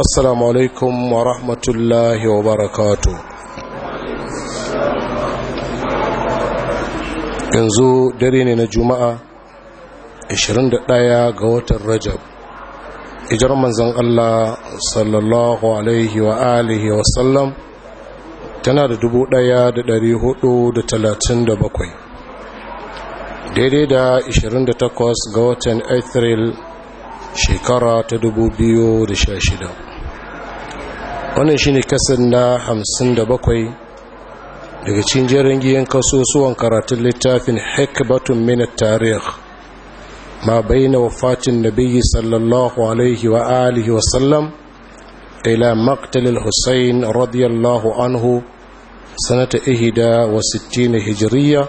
assalamu alaikum wa rahmatullahi wa barakatu yanzu dare ne na juma'a 21 ga watan rajab ijar manzan Allah sallallahu alaihi wa alihi wa sallam tana da bakwai daidai da 28 ga watan april shekara ta da shida. wannan shine kasan na hamsin da bakwai daga cikin jirgin kasusuwan karatun littafin hekbatun min tarih ma bayyana wafatin nabiyyi sallallahu alaihi wa alihi wa sallam ila maqtalil Hussein radiyallahu anhu sanata ihida wa sittin hijiriya,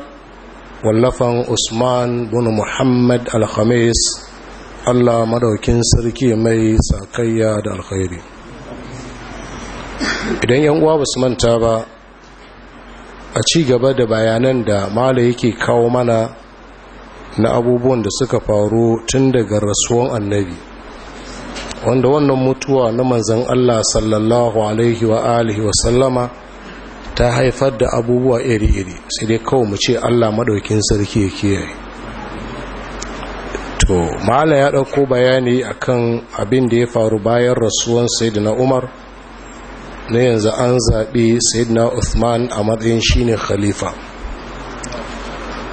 wallafan usman bin muhammad al-khamis Allah madaukin sarki mai sakayya da alkhairi idan yan uwa basu manta ba a ci gaba da bayanan da mala yake kawo mana na abubuwan da suka faru tun daga rasuwan annabi wanda wannan mutuwa na manzan Allah sallallahu alaihi wa alihi wa sallama ta haifar da abubuwa iri-iri sai dai kawo mu ce Allah maɗaukin sarki ya yi to mala ya ɗauko bayani akan abin da ya faru bayan rasuwan na Umar na yanzu an zaɓi sayyidina Usman a matsayin shine khalifa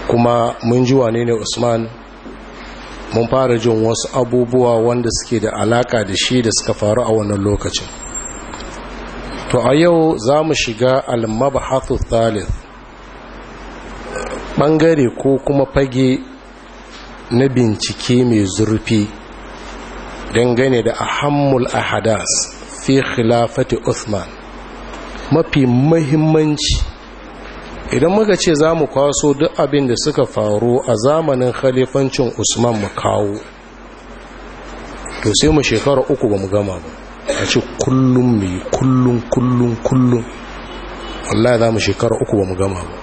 kuma mun ji wane ne Usman mun fara jin wasu abubuwa wanda suke da alaka da shi da suka faru a wannan lokacin to a yau za mu shiga al-mabhathu thalith bangare ko kuma fage na bincike mai zurfi dangane da ahammul ahadas fi khilafati Uthman mafi mahimmanci idan muka ce za mu kwaso duk abin da suka faru a zamanin khalifancin Usman mu kawo to sai mu shekara uku ba mu gama ba a ce kullum mai kullum kullum kullum wallahi za mu shekara uku ba mu gama ba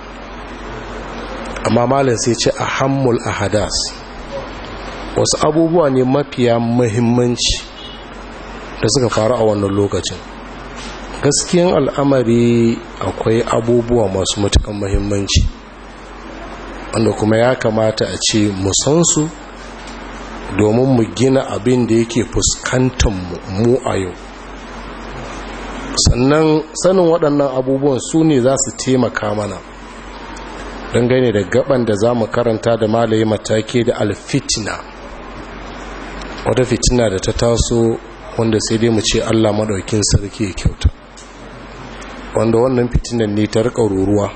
amma malin sai ce a hammul a hadas wasu abubuwa ne mafiya mahimmanci da suka faru a wannan lokacin gaskiyan al'amari akwai abubuwa masu matukan mahimmanci wanda kuma ya kamata a ce mu san su domin mu gina abin da yake fuskantar mu a yau sannan sanin waɗannan abubuwan su ne za su taimaka mana don gane da gaban da za mu karanta da malaye matake da alfitina wata fitina da ta taso wanda sai dai mu ce Allah madaukin sarki ya kyauta wanda wannan fitinan ne ta rika ruruwa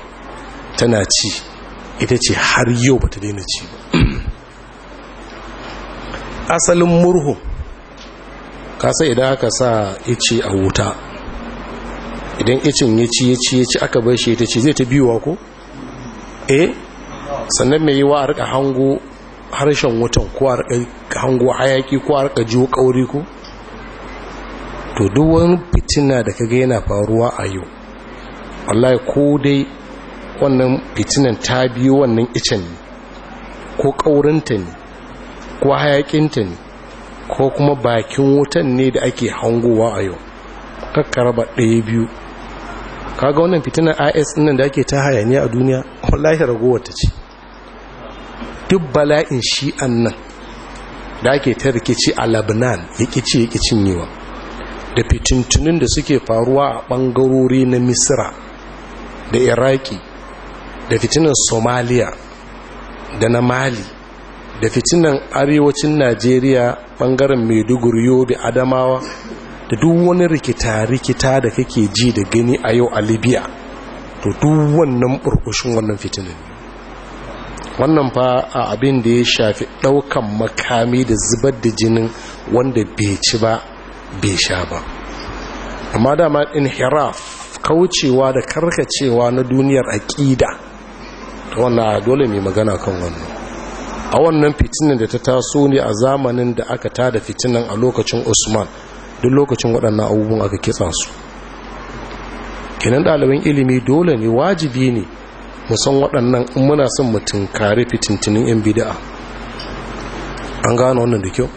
tana ci ita ce har yau bata daina ci ba asalin murhu Ka kasa idan aka sa ice a wuta idan icin ya ci ya ci ya ci aka bar shi ita ce zai ta biyuwa ko eh sannan mai yi wa arka rika hango harshen wutan ko a rika hango hayaki ko a rika jiwo kauri ko to duk wani fitina da ka ga yana faruwa a yau wallahi ko dai wannan fitinan ta biyu wannan icen ne ko ƙaurinta ne ko hayaƙinta ne ko kuma bakin wutan ne da ake hangowa a yau kakkara raba ɗaya biyu kaga wannan fitinan is nan da ake ta hayani a duniya wallahi ragowar ta ce duk bala'in shi'an nan da ake ta rikici a labanan ya ƙici ya ƙi cinyewa da fitintunin da suke faruwa a ɓangarori na misira da iraki da fitinan somaliya da na mali da fitinan arewacin najeriya ɓangaren maiduguri yobe adamawa da duk wani rikita-rikita da kake ji da gani a yau a libya to duk wannan burkushin wannan fitinin wannan fa a abin da ya shafi ɗaukan makami da zubar da jinin wanda bai ci ba bai sha ba amma dama inhiraf kaucewa da karkacewa na duniyar aƙida wannan dole mai magana kan wannan a wannan fitinin da ta taso ne a zamanin da aka tada fitinin a lokacin usman duk lokacin waɗannan abubuwan aka kitsa su Ginin ɗaliban ilimi dole ne wajibi ne musan waɗannan in muna son mutum kare fitintinin 'yan bida'a an gano wannan da kyau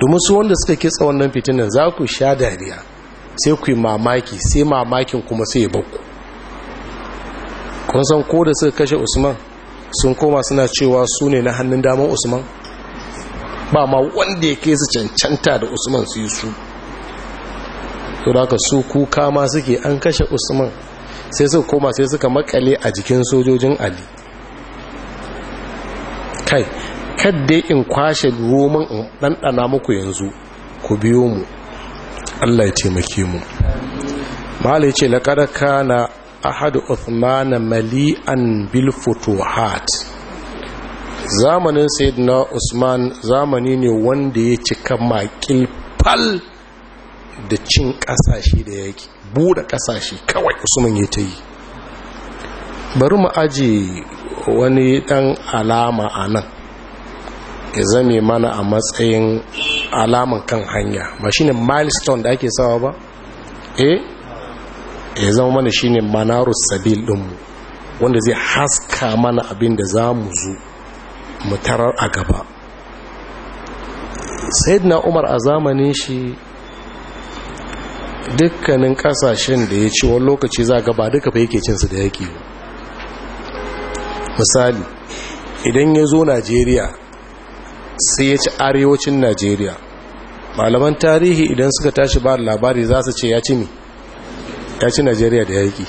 domin su wanda suka kitsa wannan fitinan za ku sha dariya sai ku yi mamaki sai mamakin kuma sai ya bakku kun ko da suka kashe usman sun koma suna cewa su ne na hannun damar usman ba ma wanda ya ke su cancanta da usman su yi su to da su kuka ma suke an kashe usman sai suka koma sai suka makale a jikin sojojin ali kai kadda in kwashe roman in ɗanɗana muku yanzu ku biyo mu Allah ya taimake mu malai ce laƙar kana ahadu uthman mali'an bil futuhat zamanin sayyidina usman zamani ne wanda ya cika makil fal da cin ƙasashe da yake buɗe ƙasashe kawai usman ya ta yi bari mu ajiye wani ɗan alama a nan ya zame mana a matsayin alaman kan hanya ba shine milestone da ake sawa ba eh ya zama mana shine manarus sabil dinmu wanda zai haska mana abin da za mu zo mu a gaba sayyidina umar a zamanin shi dukkanin kasashen da ya ci wani lokaci za gaba duka fa yake cinsu da yake misali idan ya zo najeriya sai ya ci arewacin najeriya malaman tarihi idan suka tashi ba labari za su ce ya ci ne ya ci najeriya da yaƙi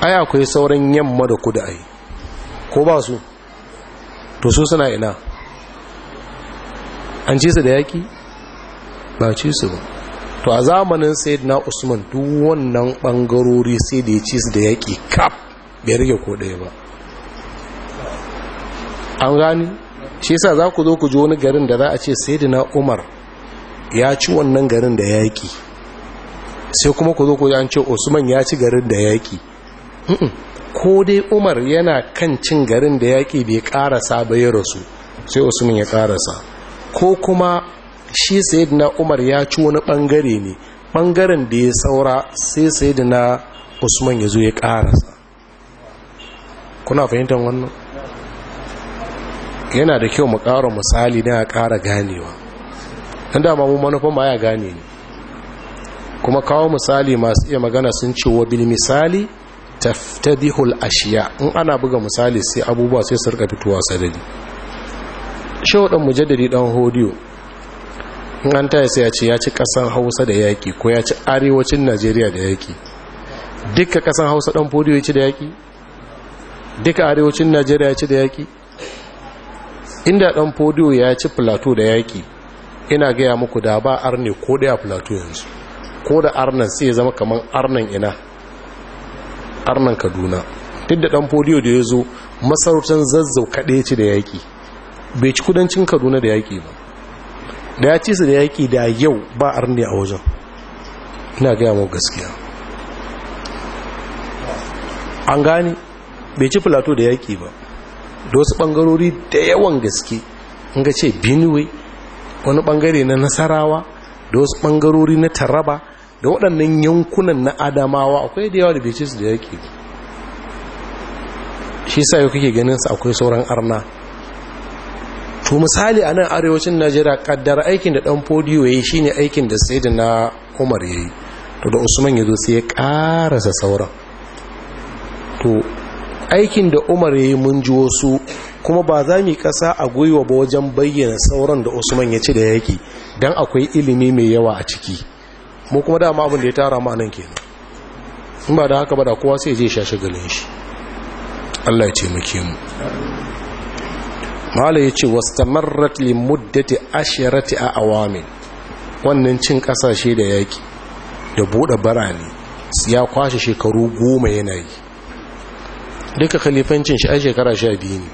ai akwai sauran yamma da kudu ai ko ba su to su suna ina an ci su da yaƙi ba ci su ba to a zamanin sai na usman duk wannan ɓangarori sai da ya ci su da yaƙi kaf bai rage ko ɗaya ba an gani shi yasa za ku zo ku ji wani garin da za a ce sayyidina umar ya ci wannan garin da yaƙi sai kuma ku zo ku ji an ce usman ya ci garin da yaƙi ko dai umar yana kan cin garin da yaƙi bai ƙarasa bai rasu sai osman ya ƙarasa ko kuma shi sayyidina umar ya ci wani ɓangare ne ɓangaren da ya saura sai sayyidina osman ya zo ya ƙarasa kuna fahimtar wannan yana da kyau mu ƙara misali don a ƙara ganewa don dama mu manufan ma ya gane ne kuma kawo misali masu iya magana sun ce wa bil misali taftadihul ashiya in ana buga misali sai abubuwa sai su rika fitowa sadari shehu dan mujaddadi dan hodiyo in an taya sai ya ce ya ci kasan hausa da yaki ko ya ci arewacin najeriya da yaki duka kasan hausa dan hodiyo ya ci da yaki duka arewacin najeriya ya ci da yaki inda dan fodiyo ya ci plateau da yaki ina gaya muku da ba arne ko da plateau yanzu ko da arnan sai ya zama kaman arnan ina arnan kaduna duk da dan fodiyo da ya zo masarautar zazzau kade ci da yaki bai ci kudancin kaduna da yaki ba da ya ci su da yaki da yau ba arne a wajen ina gaya muku gaskiya an gane bai ci plateau da yaki ba da wasu bangarori da yawan gaske in ga ce benue wani bangare na nasarawa da wasu bangarori na taraba da waɗannan yankunan na adamawa akwai da yawa da bai su da yaƙi shi sa yau kake ganin su akwai sauran arna to misali a nan arewacin najeriya kaddar aikin da ɗan fodiyo ya yi shine aikin da sai da na umar ya yi to da usman ya zo sai ya ƙarasa sauran to aikin da umar ya yi mun ji wasu kuma ba za mu kasa a gwiwa ba wajen bayyana sauran da usman ya ci da yaki don akwai ilimi mai yawa a ciki mu kuma dama abin da ya tara ma nan kenan in ba da haka ba da kowa sai je shashe galin shi Allah ya taimake mu mala ya ce wastamarrat li muddati ashirati a awamin wannan cin kasashe da yaki da bude barani ya kwashe shekaru goma yana yi duka khalifancin shi a shekara sha biyu ne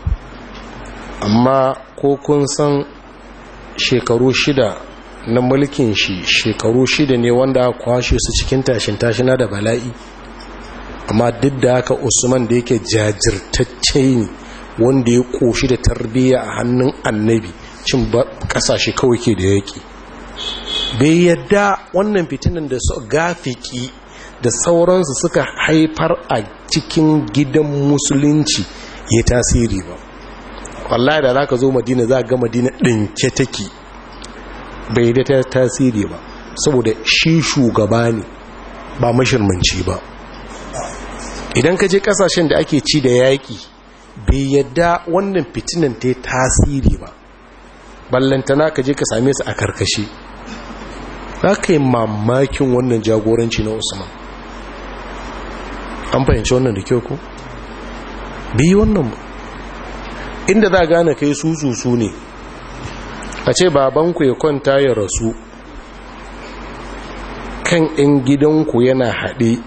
amma ko kun san shekaru shida na mulkin shi shekaru shida ne wanda aka kwashe su cikin tashin tashina da bala'i amma duk da haka usman da yake jajirtacce ne wanda ya koshi da tarbiyya a hannun annabi cin kasashe kawai ke da yaki bai yadda wannan fitinan da su gafiki da sauransu suka haifar a cikin gidan musulunci ya tasiri ba wallahi da zaka zo madina za ga madina ɗinke take bai da tasiri ba saboda shi shugaba ne ba mashirmanci ba idan ka je kasashen da ake ci da yaƙi bai yadda wannan fitinan ta tasiri ba ballantana ka je ka same su a karkashe za ka yi mamakin wannan jagoranci na usman an fahimci wannan da kyau ko yi wannan inda za gane kai su ne a ce babanku ya kwanta ya rasu kan 'yan gidanku yana haɗe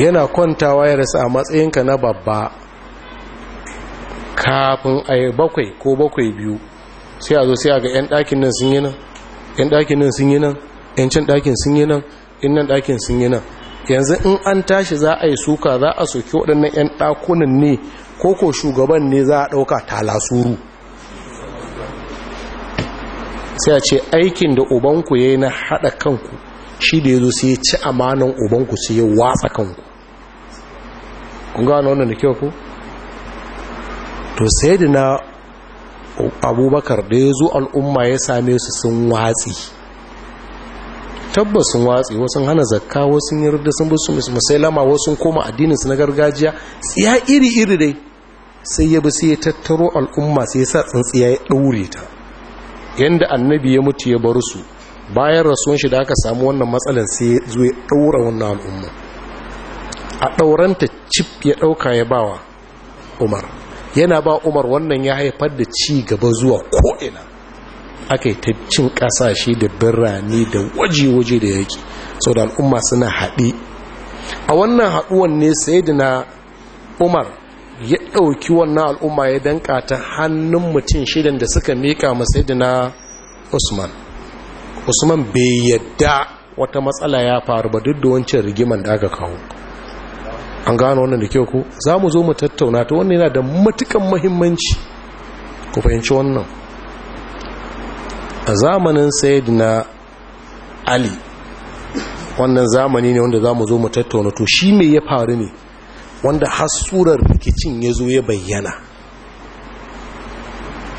yana kwantawa ya rasu a matsayinka na babba kafin a yi bakwai ko bakwai biyu sai a zo sai a ga 'yan ɗakin nan sun yi nan 'yan ɗakin nan sun yi nan 'yan can ɗakin sun yi nan 'yan nan ɗakin sun yi nan yanzu in an tashi za a yi suka za a soke waɗannan 'yan ɗakunan ne ko ko shugaban ne za a ɗauka talasuru sai a ce aikin da ubanku ya yi na haɗa kanku shi da ya zo sai ci amanan ubanku sai ya watsa kanku kun gano wannan da kyau ku to sai da na abubakar da ya zo al'umma ya same su sun watsi tabbas sun watsi wasu hana zakka wasu yi rudda sun busu lama wasu koma addinin su na gargajiya ya iri iri dai sai ya bi sai ya tattaro al'umma sai ya sa tsintsiya ya ɗaure ta yanda annabi ya mutu ya bar su bayan rasuwan shi da aka samu wannan matsalar sai ya zo ya ɗaura wannan al'umma a ɗauranta cip ya ɗauka ya bawa umar yana ba umar wannan ya haifar da ci gaba zuwa ko'ina aka yi ta cin kasashe da birane da waje-waje da yake sau da al'umma suna haɗe a wannan haɗuwan ne sai na umar ya ɗauki wannan al'umma ya danka ta hannun mutum shidan da suka miƙa masai na usman usman bai yadda wata matsala ya faru ba duk da wancan rigiman da aka kawo an gano wannan da kyau ku za mu zo mu tattauna ta wannan yana da matukan mahimmanci ku fahimci wannan a zamanin sayidina ali wannan zamani ne wanda za mu zo mu tattauna to shi mai ya faru ne wanda hasurar rikicin ya zo ya bayyana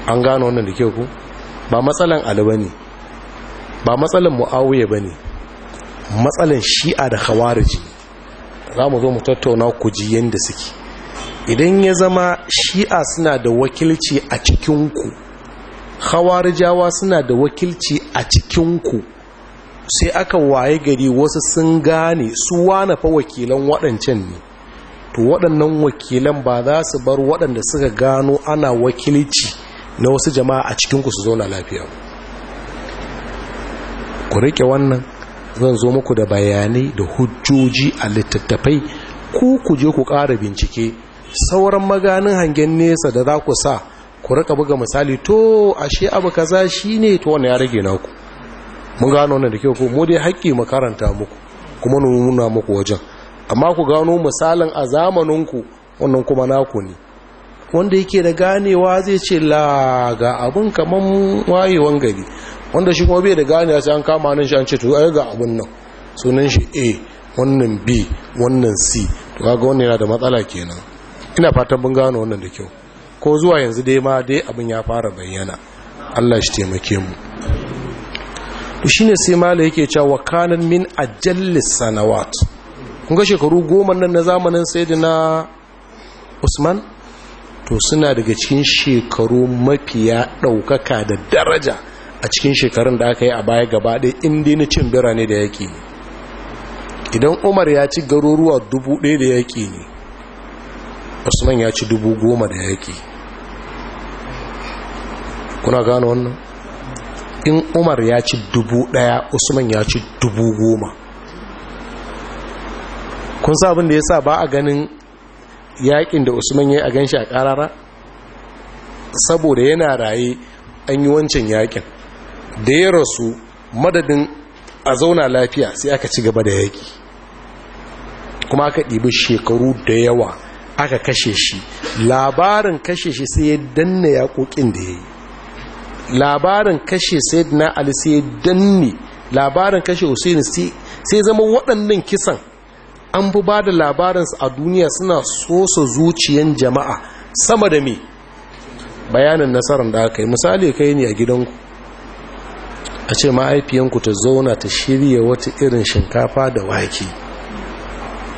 an gano wannan da ke ku ba matsalan alba ne ba matsalan mu'awuyar ba ne matsalan shi'a da khawariji za mu zo mu tattauna ku ji yadda suke idan ya zama shi'a suna da wakilci a cikinku khawarijawa suna da wakilci a cikinku sai aka waye gari wasu sun gane su wane fa wakilan waɗancan ne to waɗannan wakilan ba za su bar waɗanda suka gano ana wakilci na wasu jama'a a cikinku su zauna lafiya ku riƙe wannan zan zo muku da bayanai da hujjoji a littattafai ku ku je ku ƙara bincike sauran maganin hangen nesa da za ku sa ku rika buga misali to ashe abu kaza shine to wannan ya rage naku mun gano wannan da kyau ko mu dai haƙƙi mu karanta muku kuma nuna muku wajen amma ku gano misalin a zamanin ku wannan kuma naku ne wanda yake da ganewa zai ce la ga abun kaman wayewan gari wanda shi kuma bai da ganewa sai an kama nan shi an ce to ai ga abun nan sunan shi a wannan b wannan c to kaga wannan yana da matsala kenan ina fatan mun gano wannan da kyau ko zuwa yanzu dai ma dai abin ya fara bayyana Allah shi taimake mu to shine sai mala yake cewa kanan min ajallis sanawat kun ga shekaru goma nan na zamanin sayyidina Usman to suna daga cikin shekaru mafiya ɗaukaka da daraja a cikin shekarun da aka yi a baya gaba ɗaya inda na cin birane da yaƙi ne idan umar ya ci garuruwa dubu ɗaya da yaƙi ne usman ya ci dubu goma da yaƙi kuna gano wannan in umar ya ci dubu daya usman ya ci dubu goma kun sa abin da ya sa ba a ganin yakin da usman ya yi a ganshi a karara saboda yana raye an yi wancan yakin da ya rasu madadin a zauna lafiya sai aka ci gaba da yaki kuma aka ɗibi shekaru da yawa aka kashe shi labarin kashe shi sai ya danna yaƙoƙin da ya yi labarin kashe sayyidina ali sai danne labarin kashe husaini sai zama waɗannan kisan an fi ba da labarinsu a duniya suna sosa zuciyan jama'a sama da me bayanin nasarar da aka yi misali kai ne a gidanku a ce ma'aifiyanku ta zauna ta shirya wata irin shinkafa da wake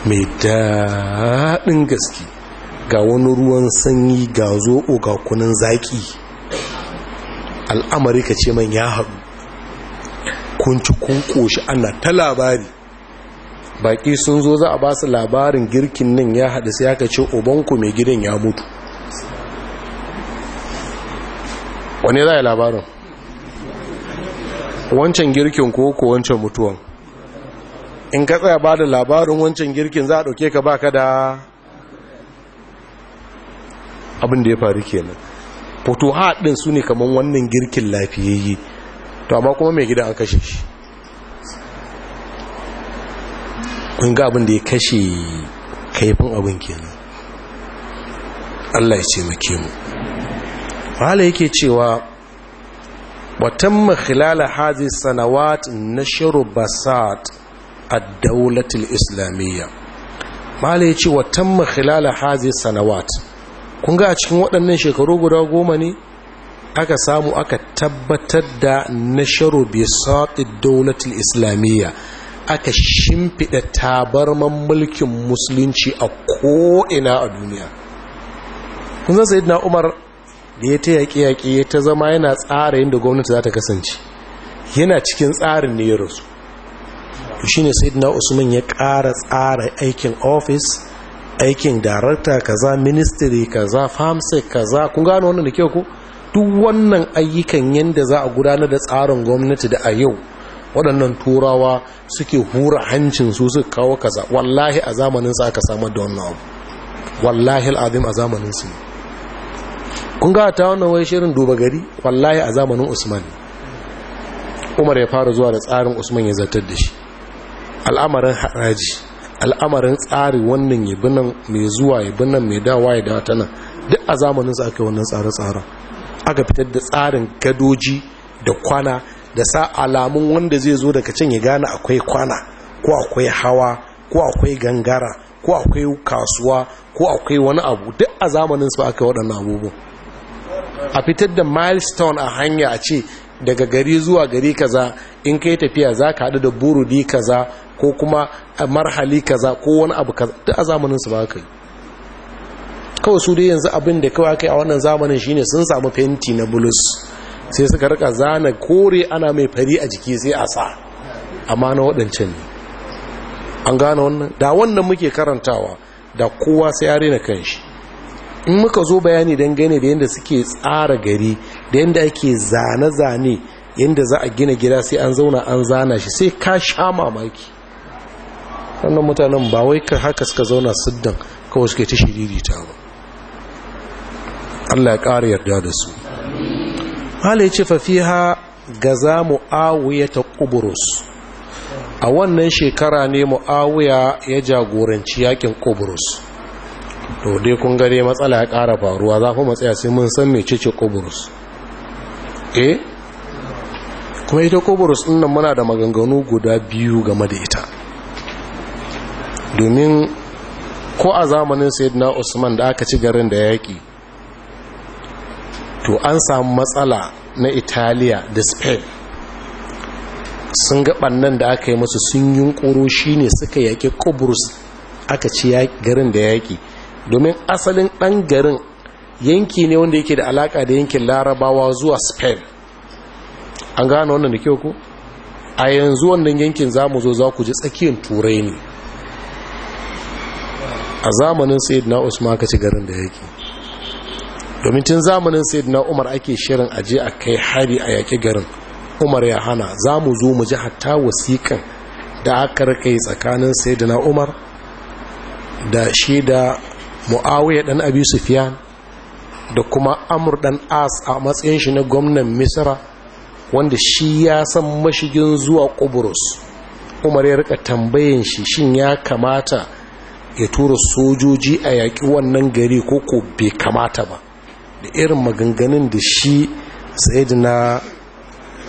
mai daɗin gaske ga wani ruwan sanyi ga zo'o ga kunin zaki. al'amari ka ce man ya haɗu kun ci kun ƙoshi ana ta labari baƙi sun zo za a ba su labarin girkin nan ya haɗu sai aka ce obanku mai gidan ya mutu wane za a yi labarin wancan girkin ko ko wancan mutuwan in ka tsaya ba da labarin wancan girkin za a ɗauke ka baka da abin da ya faru kenan Foto din su ne kamar wannan girkin lafiyayye to amma kuma mai gida an kashe shi kun ga abin da ya kashe kaifin abin kenan Allah ya ce muke mu wala yake cewa watamma khilala hadhihi sanawat nashru basat ad al islamiyya mala yace watamma khilala hadhihi sanawat kun ga a cikin waɗannan shekaru guda goma ne aka samu aka tabbatar da nasharu bi saɗi daunatul islamiyya aka shimfiɗa tabarman mulkin musulunci a ko'ina a duniya kun zan sayi na umar da ya ta yaƙi-yaƙi ya ta zama yana tsara yin gwamnati za ta kasance yana cikin tsarin ne ya rasu shi shine sayi na usman ya ƙara tsara aikin ofis aikin darakta kaza ministry kaza famsa kaza kun gano wannan da kyau ku duk wannan ayyukan yadda za a gudanar da tsarin gwamnati da a yau waɗannan turawa suke hura hancin su su kawo kaza wallahi a zamanin sa aka samar da wannan abu wallahi al'azim a zamanin su kun ga ta wannan wai shirin duba gari wallahi a zamanin usman umar ya fara zuwa da tsarin usman ya zartar da shi al'amarin haraji al'amarin tsari wannan yabi nan mai zuwa yabi nan mai dawa ya dawa tana, duk a zamanin su aka yi wannan tsare-tsaren aka fitar da tsarin gadoji da kwana da sa alamun wanda zai zo daga can ya gane akwai kwana ko akwai hawa ko akwai gangara ko akwai kasuwa ko akwai wani abu duk a zamanin su aka waɗannan abubuwa a fitar da milestone a hanya a ce daga gari zuwa gari kaza in kai tafiya za ka haɗu da burudi kaza ko kuma marhali kaza ko wani abu kaza duk a zamanin su ba ka yi kawai su dai yanzu abin da kawai kai a wannan zamanin shine sun samu fenti na bulus sai suka rika zana kore ana mai fari a jiki sai a sa amma na waɗancan ne an gane wannan da wannan muke karantawa da kowa sai ya rena shi. in muka zo bayani dangane da yadda suke tsara gari da yadda ake zane-zane yadda za a gina gida sai an zauna an zana shi sai ka sha mamaki wannan mutanen ba wai ka haka suka zauna siddan kawai suke ta ta ba Allah ya ƙara yarda da su hala ya ce fafiha ga za mu'awiyya ta kuburus a wannan shekara ne mu'awiya ya jagoranci yakin kuburus to dai kun gare matsala ya ƙara faruwa za ku matsaya sai mun san mecece kuburus eh kuma ita kuburus nan muna da maganganu guda biyu game da ita domin ko a zamanin sayyidina usman da aka ci garin da yaƙi to an samu matsala na italiya da spain sun ga nan da aka yi masu sun yi shi shine suka yaƙi kuburus aka ci garin da yaƙi domin asalin ɗan garin yanki ne wanda yake da alaƙa da yankin larabawa zuwa spain an gano wannan da kyau ku a yanzu wannan yankin za mu zo za ku ji tsakiyar turai ne a zamanin sayid na usman aka ci garin da yake domin tun zamanin sayid na umar ake shirin aje a kai hari a yaƙi garin umar ya hana za mu zo mu ji hatta wasiƙan da aka rika yi tsakanin sayid na umar da shi da mu'awiyar ɗan abi sufiyan da kuma amur ɗan as a matsayin shi na gwamnan misra wanda shi ya san mashigin zuwa kuburus umar ya rika tambayin shi shin ya kamata ya tura sojoji a yaƙi wannan gari ko ko bai kamata ba da irin maganganun da shi sayidina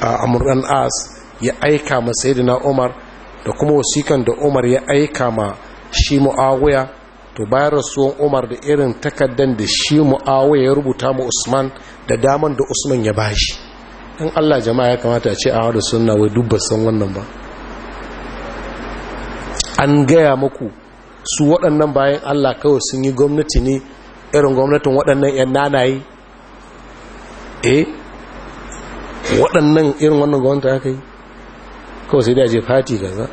amur dan as ya aika ma sayidina umar da kuma wasikan da umar ya aika ma shi mu'awiya to bayan rasuwan umar da irin takaddan da shi mu'awai ya rubuta mu usman da daman da usman ya bashi in allah jama'a ya kamata a ce a wadda suna wai dubba san wannan ba an gaya muku su waɗannan bayan allah kawai sun yi gwamnati ne irin gwamnatin waɗannan 'yan nanayi eh waɗannan irin wannan gwamnati aka yi kawai sai da aje fati gaza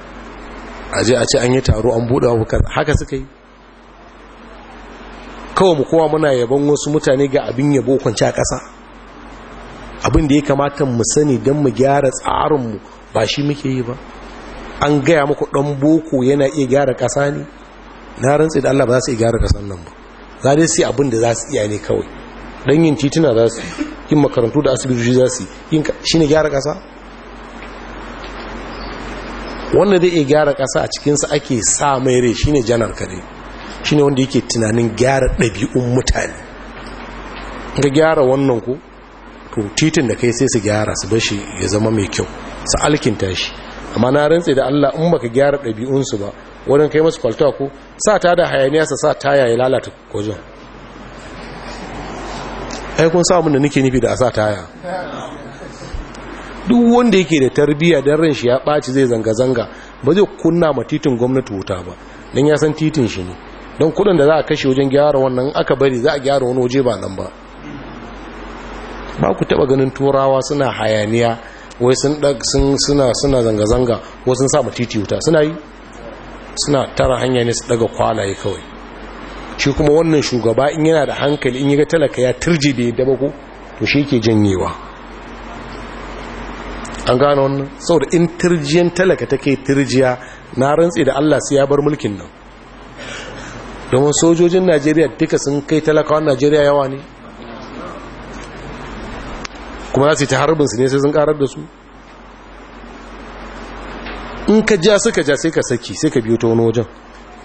aje a ce an yi taro an buɗe wa haka suka yi kawai mu kowa muna yaban wasu mutane ga abin yabo kwanci a ƙasa abin da ya kamata mu sani don mu gyara tsarinmu ba shi muke yi ba an gaya muku ɗan boko yana iya gyara ƙasa ne na rantsi da Allah ba za su iya gyara ƙasa nan ba za dai sai abin da za su iya ne kawai don yin tituna za su yin makarantu da asibiti za su yi shi ne gyara ƙasa wanda zai iya gyara ƙasa a cikinsa ake sa mai rai shi ne janar kare shine wanda yake tunanin gyara ɗabi'un mutane ga gyara wannan ku to titin da kai sai su gyara su bashi ya zama mai kyau su alkinta shi amma na rantse da Allah in baka gyara ɗabi'unsu ba wurin kai masu kwalta ku, sa ta da hayaniya sa sa taya ya lalata wajen ai kun sa da nake nufi da a sa taya duk wanda yake da tarbiyya don ran shi ya ɓaci zai zanga zanga ba zai kunna ma titin gwamnati wuta ba don ya san titin shi ne don kudin da za a kashe wajen gyara wannan aka bari za a gyara wani waje ba nan ba ba ku taba ganin turawa suna hayaniya wai sun suna suna zanga-zanga ko sun sa titi wuta suna yi suna tara hanya ne su daga kwalaye kawai shi kuma wannan shugaba in yana da hankali in yaga talaka ya turji bai daba ko to shi ke janyewa an gano wannan Sau da in turjiyan talaka take turjiya na rantsi da Allah sai ya bar mulkin nan domin sojojin najeriya duka sun kai talakawan najeriya yawa ne kuma za su yi ta harbinsu ne sai sun karar da su in ka ja suka ja sai ka saki sai ka biyo ta wani wajen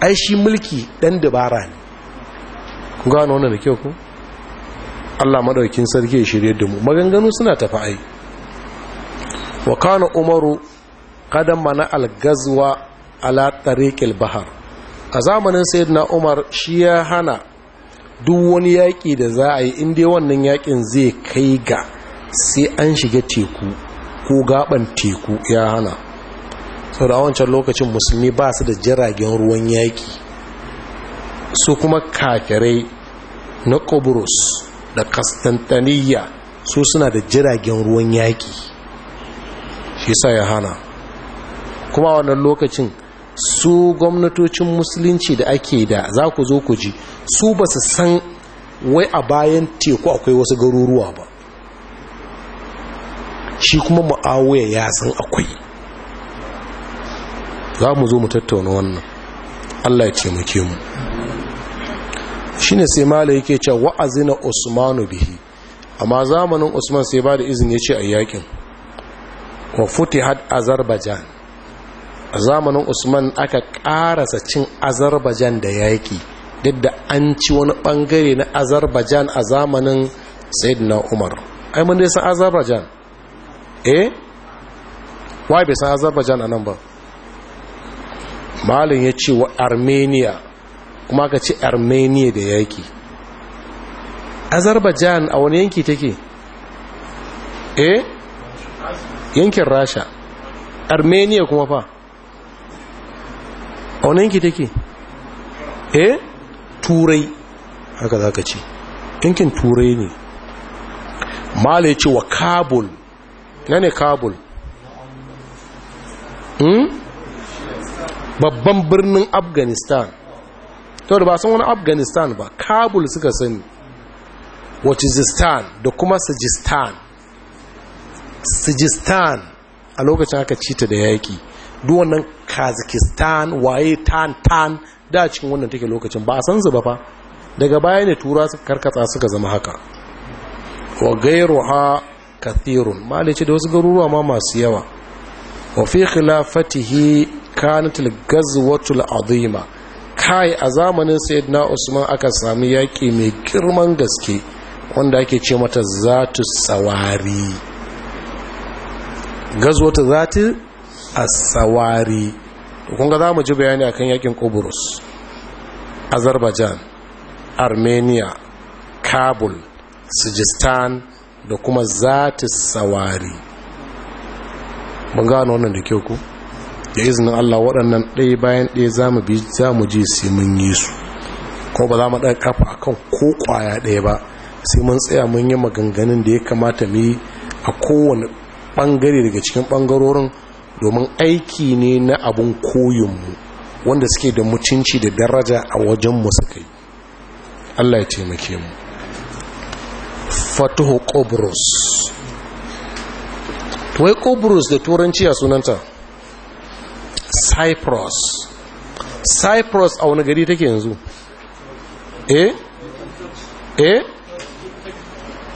ai shi mulki dan dabara ne kuma gano wannan da kyau ku Allah madaukin sarki ya shirye da mu maganganu suna tafi ai wa kana umaru kadan mana algazwa ala tariqil bahar a zamanin na umar shi ya hana duk wani yaƙi da za a yi inda wannan yaƙin zai kai ga sai an shiga teku ko gaban teku ya hana sau da wancan lokacin musulmi ba su da jiragen ruwan yaƙi su kuma kafirai na kobros da kastantaniya su suna da jiragen ruwan yaƙi shi sa ya hana kuma wannan lokacin su gwamnatocin musulunci da ake da za ku zo ku ji su ba su san wai a bayan teku akwai wasu garuruwa ba shi kuma ma'awuyar ya san akwai za mu zo mu tattauna wannan allah ya ce muke mu shi ne sai mala yake ce wa'azina usmanu bihi amma zamanin usman sai ba da izini ya ce a yakin wa had azerbaijan a zamanin usman aka karasa cin azerbaijan da yaƙi duk da an ci wani ɓangare na azerbaijan a zamanin na umar ai mun dai san azerbaijan eh wai bai san azerbaijan a nan ba malin ya ce wa armenia kuma ka ci armenia da yaƙi azerbaijan a wani yanki take eh yankin rasha armenia kuma fa a wani yanki take eh turai haka za ka ce yankin turai ne mala ya ce wa kabul na ne kabul hmm? babban birnin afghanistan to da ba san wani afghanistan ba kabul suka sani wacizistan da kuma sajistan Sijistan a lokacin aka cita da yaƙi duwannan kazakistan waye tan tan da cikin wannan take lokacin ba a san su ba fa daga baya ne tura suka karkatsa suka zama haka wa gairuha kathirun malice da wasu garuruwa ma masu yawa wa fi khilafatihi kanat al-ghazwatu azima kai a zamanin sayyidina usman aka sami yaki mai girman gaske wanda ake ce mata zatu sawari gazwatu zatu A sawari kunga za mu ji bayani akan yakin kuburus Azerbaijan Armenia Kabul Sijistan da kuma zati sawari mun gano wannan da kyau ku da izinin Allah waɗannan ɗaya bayan ɗaya za mu bi za ji sai mun yi su ko ba za mu ɗan kafa akan ko kwaya ɗaya ba sai mun tsaya mun yi maganganun da ya kamata mu yi a kowane ɓangare daga cikin ɓangarorin domin aiki ne na abin koyinmu wanda suke da mutunci da daraja a wajenmu suka kai allah ya taimake mu fatuhu kobros tuwai kobros da turanci a sunanta cyprus cyprus a wani gari take yanzu eh eh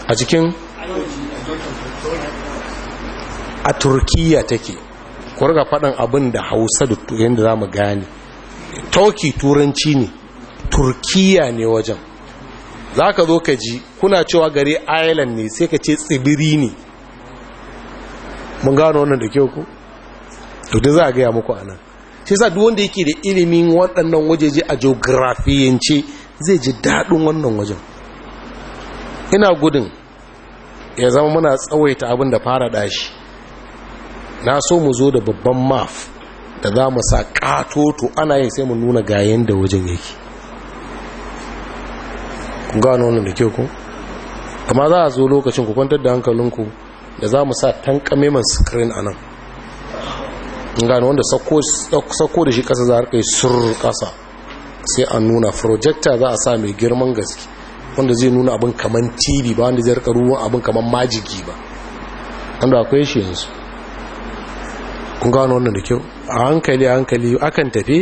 a cikin a turkiya take ku riga faɗin abin da hausa da yadda za mu gane turki turanci ne turkiya ne wajen za ka zo ka ji kuna cewa gare ireland ne sai ka ce tsibiri ne mun gano wannan da ke ku duk za a gaya muku a nan sai sa duk wanda yake da ilimin waɗannan wajeje a geografiyance zai ji daɗin wannan wajen ina gudun ya zama muna tsawaita abin da fara dashi na so mu zo da babban maf da za mu sa katoto ana yi sai mu nuna gayen da wajen yake ku gano wannan da ke ku amma za a zo lokacin ku kwantar da hankalinku da za mu sa tankame man screen a nan gano wanda sako da shi kasa za a rikai sur kasa sai a nuna projector za a sa mai girman gaske wanda zai nuna abin kaman tv ba wanda zai rika ruwan abin kaman majigi ba wanda akwai shi yanzu kun gano wannan da kyau a hankali hankali akan tafi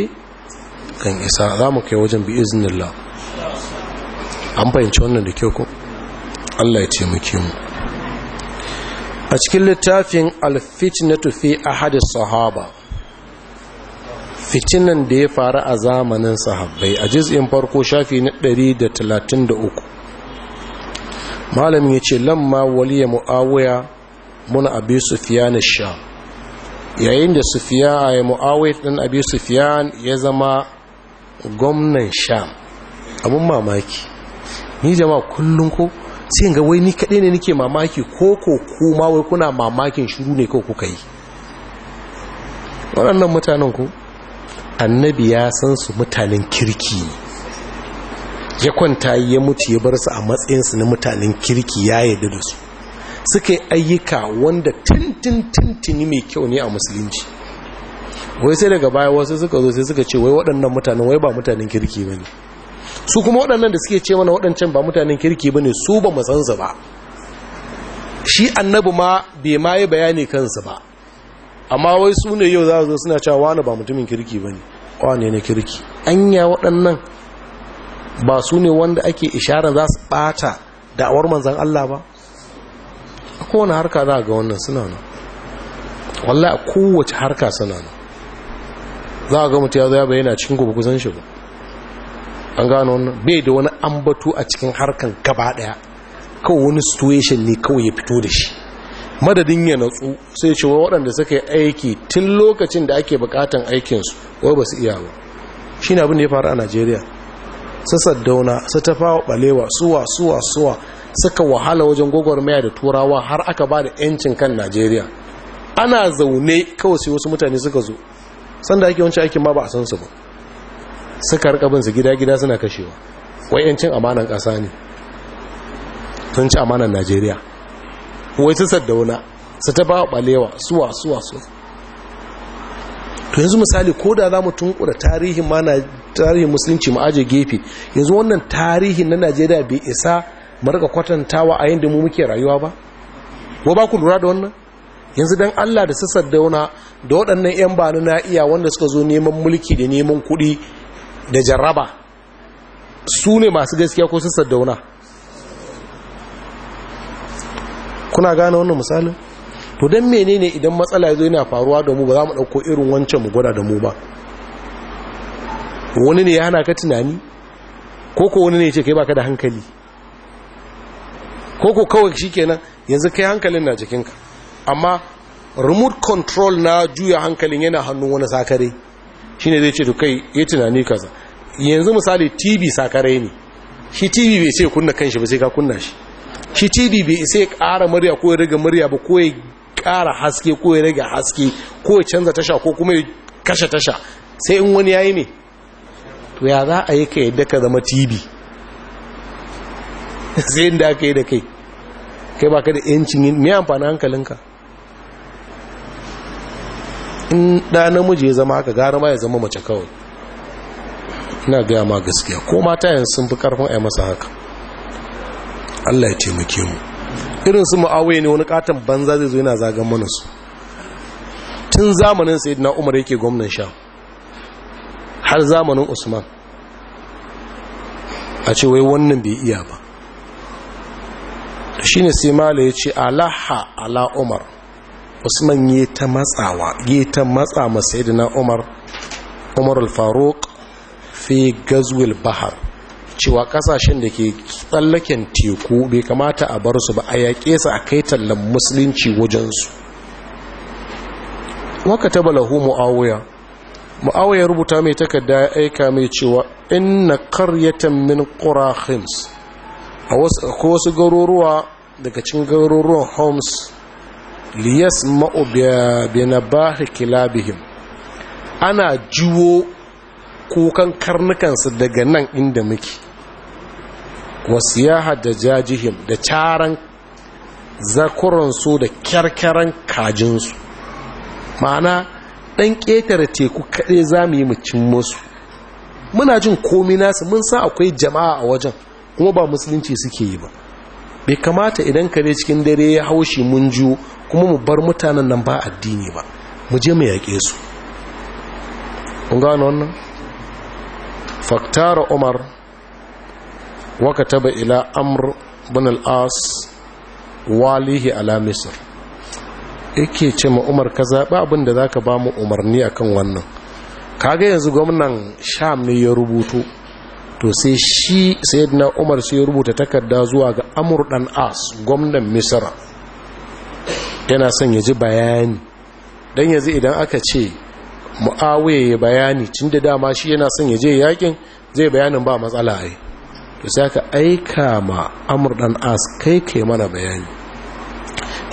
kan isa za mu kai wajen bi iznillah an fahimci wannan da kyau ku? Allah ya ce muke mu a cikin littafin alfitnatu fi ahadi sahaba fitinan da ya faru a zamanin sahabbai a jiz'in farko shafi na 133 malamin ya ce lamma waliya mu'awuya muna abi na sha yayin da sufiya ya eh, mu'awit ɗin abi sufiyan ya zama gwamnan sham abin mamaki ni jama'a kullum ko sai ga wai ni kaɗai ne nike mamaki ko ko kuma wai kuna mamakin shuru ne ko kuka yi waɗannan mutanen ku annabi ya san su mutanen kirki ya kwanta ya mutu ya bar su a matsayinsu na mutanen kirki ya yarda da su suka yi ayyuka wanda tintintintini mai kyau ne a musulunci wai sai daga baya wasu suka zo sai suka ce wai waɗannan mutanen wai ba mutanen kirki ba ne su kuma waɗannan da suke ce mana waɗancan ba mutanen kirki ba ne su ba matsansa ba shi annabi ma bai ma yi bayani kansa ba amma wai su ne yau za a zo suna cewa wani ba mutumin kirki ba ne wani ne kirki anya waɗannan ba su ne wanda ake ishara za su ɓata da'awar manzan Allah ba kowane harka za ga wannan suna nan wallahi a kowace harka suna nan za a ga mutu ya zaba yana cikin gobe kusan shi ba an gano wannan bai da wani ambatu a cikin harkan gaba daya kawai wani situation ne kawai ya fito da shi madadin ya natsu sai ce waɗanda suka yi aiki tun lokacin da ake bukatan aikinsu wai ba su iya ba shi ne abin da ya faru a najeriya su saddauna su tafawa balewa suwa suwa suwa suka wahala wajen gwagwarmaya da turawa har aka ba da 'yancin kan najeriya ana zaune kawai sai wasu mutane suka zo sanda ake wancan aikin ma ba a san su ba suka rika bin su gida-gida suna kashewa wai 'yancin amanan ƙasa ne sun ci amanan najeriya wai su saddauna su ta ba balewa suwa suwa su yanzu misali ko da za mu tunkura tarihin tarihin musulunci mu gefe yanzu wannan tarihin na najeriya bai isa mu rika kwatantawa a yadda mu muke rayuwa ba ko ba ku lura da wannan yanzu don Allah da sassar dauna da waɗannan yan ba na iya wanda suka zo neman mulki da neman kuɗi da jarraba su ne masu gaskiya ko sassar dauna kuna gane wannan misalin to don menene idan matsala ya zo yana faruwa da mu ba za mu ɗauko irin wancan mu gwada da mu ba wani ne ya hana ka tunani ko ko wani ne ya ce kai baka da hankali ko ko kawai kenan, yanzu kai hankalin na jikinka amma remote control na juya hankalin yana hannu wani sakare shine zai ce to kai ya tunani kaza yanzu misali TV sakare ne shi TV bai sai kunna kanshi ba sai ka kunna shi shi TV bai sai ƙara murya ko ya rage murya ba ko ya ƙara haske ko ya rage haske ko ya canza tasha ko kuma ya kashe tasha sai in wani yayi ne to ya za a yi ka yadda ka zama TV sai inda aka yi da kai kai ba ka da yancin yin mai amfani hankalinka in ɗa namiji ya zama haka gara ma ya zama mace kawai ina gaya ma gaskiya ko mata yin sun fi karfin a yi masa haka allah ya taimake mu irin su ma'awai ne wani katon banza zai zo yana zagan mana tun zamanin sai na umar yake gwamnan sha har zamanin usman a ce wai wannan bai iya ba shine sai mala ya ce alaha ala umar usman ya ta matsawa yi ta matsa masa na umar umar al faruk fi gazwil bahar cewa kasashen da ke tsallaken teku bai kamata a bar su ba a yaƙe su a kai tallan musulunci wajensu waka taba lahu mu'awuya mu'awuya rubuta mai takarda ya aika mai cewa inna karyatan min qura khims a wasu garuruwa daga cikin garuruwan homs liyas ma'ubiyanabahi kilabihim ana jiwo kukan karnukansu daga nan inda muke wasu ya da jajihim da caran zakuransu da kyarkyaran kajinsu ma'ana ɗan ƙetare teku kaɗai za mu yi mucin musu muna jin komi nasu mun san akwai jama'a a wajen kuma ba musulunci suke yi ba bai kamata idan kare cikin dare ya haushi mun ju kuma mu bar mutanen nan ba addini ba mu je mu yaƙe su kun gano wannan faktara umar waka taba ila amr bin al-as walihi ala misr yake ce ma umar ka zaɓi abin da za ka ba mu umarni akan wannan kaga yanzu gwamnan sham ne ya rubutu. to sai shi sayyidina umar sai ya rubuta takarda zuwa ga amur dan as gwamnan Misira. yana son ya ji bayani don yanzu idan aka ce mu'awiya ya bayani tun da dama shi yana son ya je yakin zai bayanin ba matsala ai to sai aka aika ma amur dan as kai ke mana bayani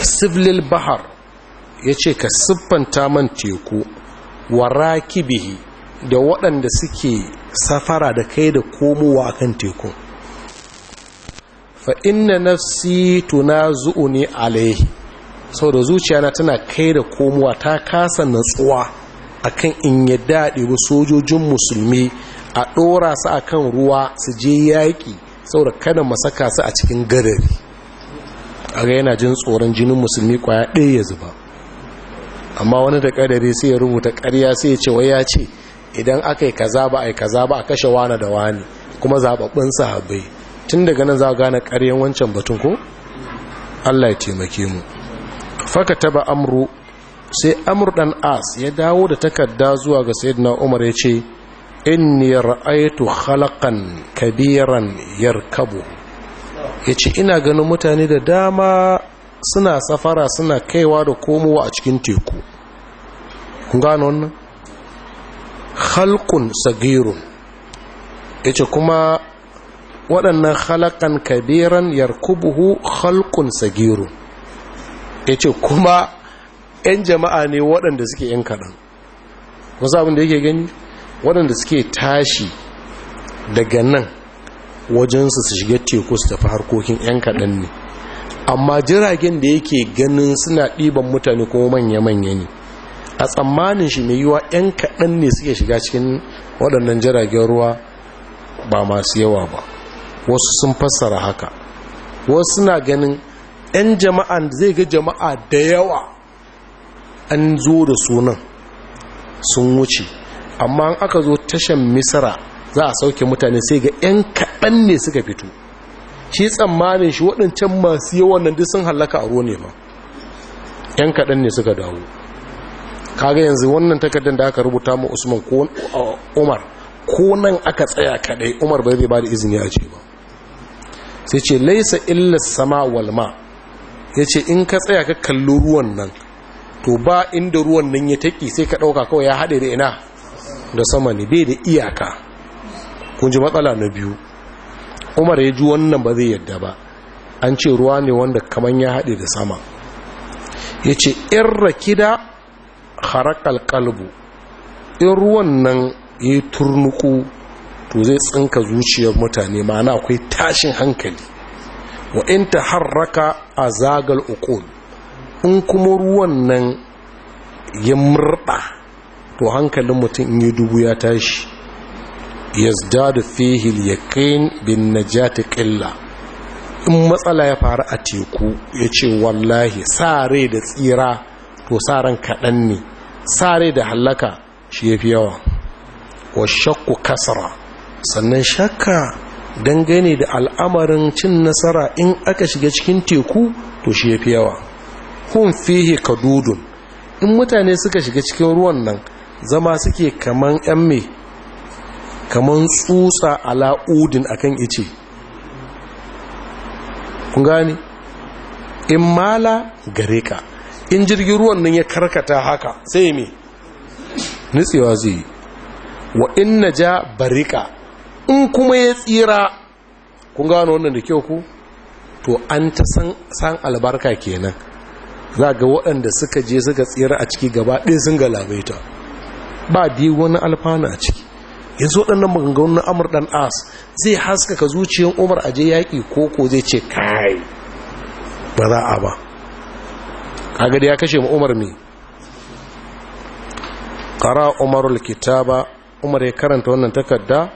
siblil bahar ya ce ka siffanta man teku wa rakibihi da waɗanda suke safara da kai da komowa a akan teku fa inna nafsi tunazu'uni alaihi saboda zuciyana tana kai da komowa ta kasa natsuwa akan in ya daɗe wa sojojin musulmi a ɗora su akan ruwa su je yaƙi saboda kada masaka su a cikin gadari a ga yana jin tsoron jinin musulmi kwaya ɗaya ya zuba amma wani da ƙadari sai ya rubuta ƙarya sai ya ce wai ya ce idan aka yi kaza ba a yi kaza ba a kashe wani da wani kuma zababbin sahabbai tun daga nan za gane ƙaryen wancan batun ko Allah ya taimake mu faka taba amru sai amur dan as ya dawo da takarda zuwa ga na umar ya ce inni ra'aytu khalaqan kabiran yarkabu ce ina ganin mutane da dama suna safara suna kaiwa da komowa a cikin teku kun gano wannan halkun sagirun ya ce kuma waɗannan khalaqan kabiran yarkubuhu halkun Sagiru ya kuma ƴan jama'a ne waɗanda suke 'yan kaɗan wasu abin da yake gani waɗanda suke tashi daga nan wajensu su shiga teku su tafi harkokin 'yan kaɗan ne amma jiragen da yake ganin suna ɗiban mutane kuma manya-manya ne a tsammanin shi mai yiwa 'yan kaɗan ne suke shiga cikin waɗannan jiragen ruwa ba masu yawa ba wasu sun fassara haka wasu suna ganin 'yan jama'a zai ga jama'a da yawa an zo da sunan sun wuce amma an aka zo tashan misra za a sauke mutane sai ga 'yan kaɗan ne suka fito shi tsammanin shi waɗancan masu yawan nan duk sun hallaka a ne ba 'yan kaɗan ne suka dawo kaga yanzu wannan takardar da aka rubuta mu usman ko uh, umar ko nan aka tsaya kadai umar bai bai ba da izini a ce ba sai ce laisa illa sama walma. ma yace in ka tsaya ka kallo ruwan nan to ba inda ruwan nan ya taki sai ka ɗauka kawai ya hade da ina da sama ne bai da iyaka kun ji matsala na biyu umar ya ji wannan ba zai yadda ba an ce ruwa ne wanda kaman ya haɗe da sama ya ce in rakida harakal kalbu in ruwan nan ya yi turnuku to zai tsinka zuciyar mutane ma'ana akwai tashin hankali wa in ta harraka a zagal ukul in kuma ruwan nan ya murɗa to hankalin mutum in yi dubu ya tashi yazdadu fihi yaqin bin najati ƙilla. in matsala ya faru a teku ya ce wallahi sa rai da tsira to sa ran kaɗan ne sa rai da hallaka shi ya fi yawa wa shakku kasara sannan shakka dangane da al'amarin cin nasara in aka shiga cikin teku to shi ya fi yawa Kun fihe kadudun in mutane suka shiga cikin ruwan nan zama suke kaman yan mai kaman tsutsa ala'udin akan ice kun gani in mala gare ka in jirgin ruwan nan ya karkata haka sai me nutsewa zai yi wa in na ja barika in kuma ya tsira kun gano wannan da kyau ku to an ta san albarka kenan za ga waɗanda suka je suka tsira a ciki gaba ɗin sun ga labaita. ba biyu wani alfana a ciki yanzu waɗannan maganganun na amur ɗan as zai haskaka zuciyar umar a je yaƙi ko ko zai ce kai ba za a ba da ya kashe mu umar ne qara umarul kitaba umar ya karanta wannan takarda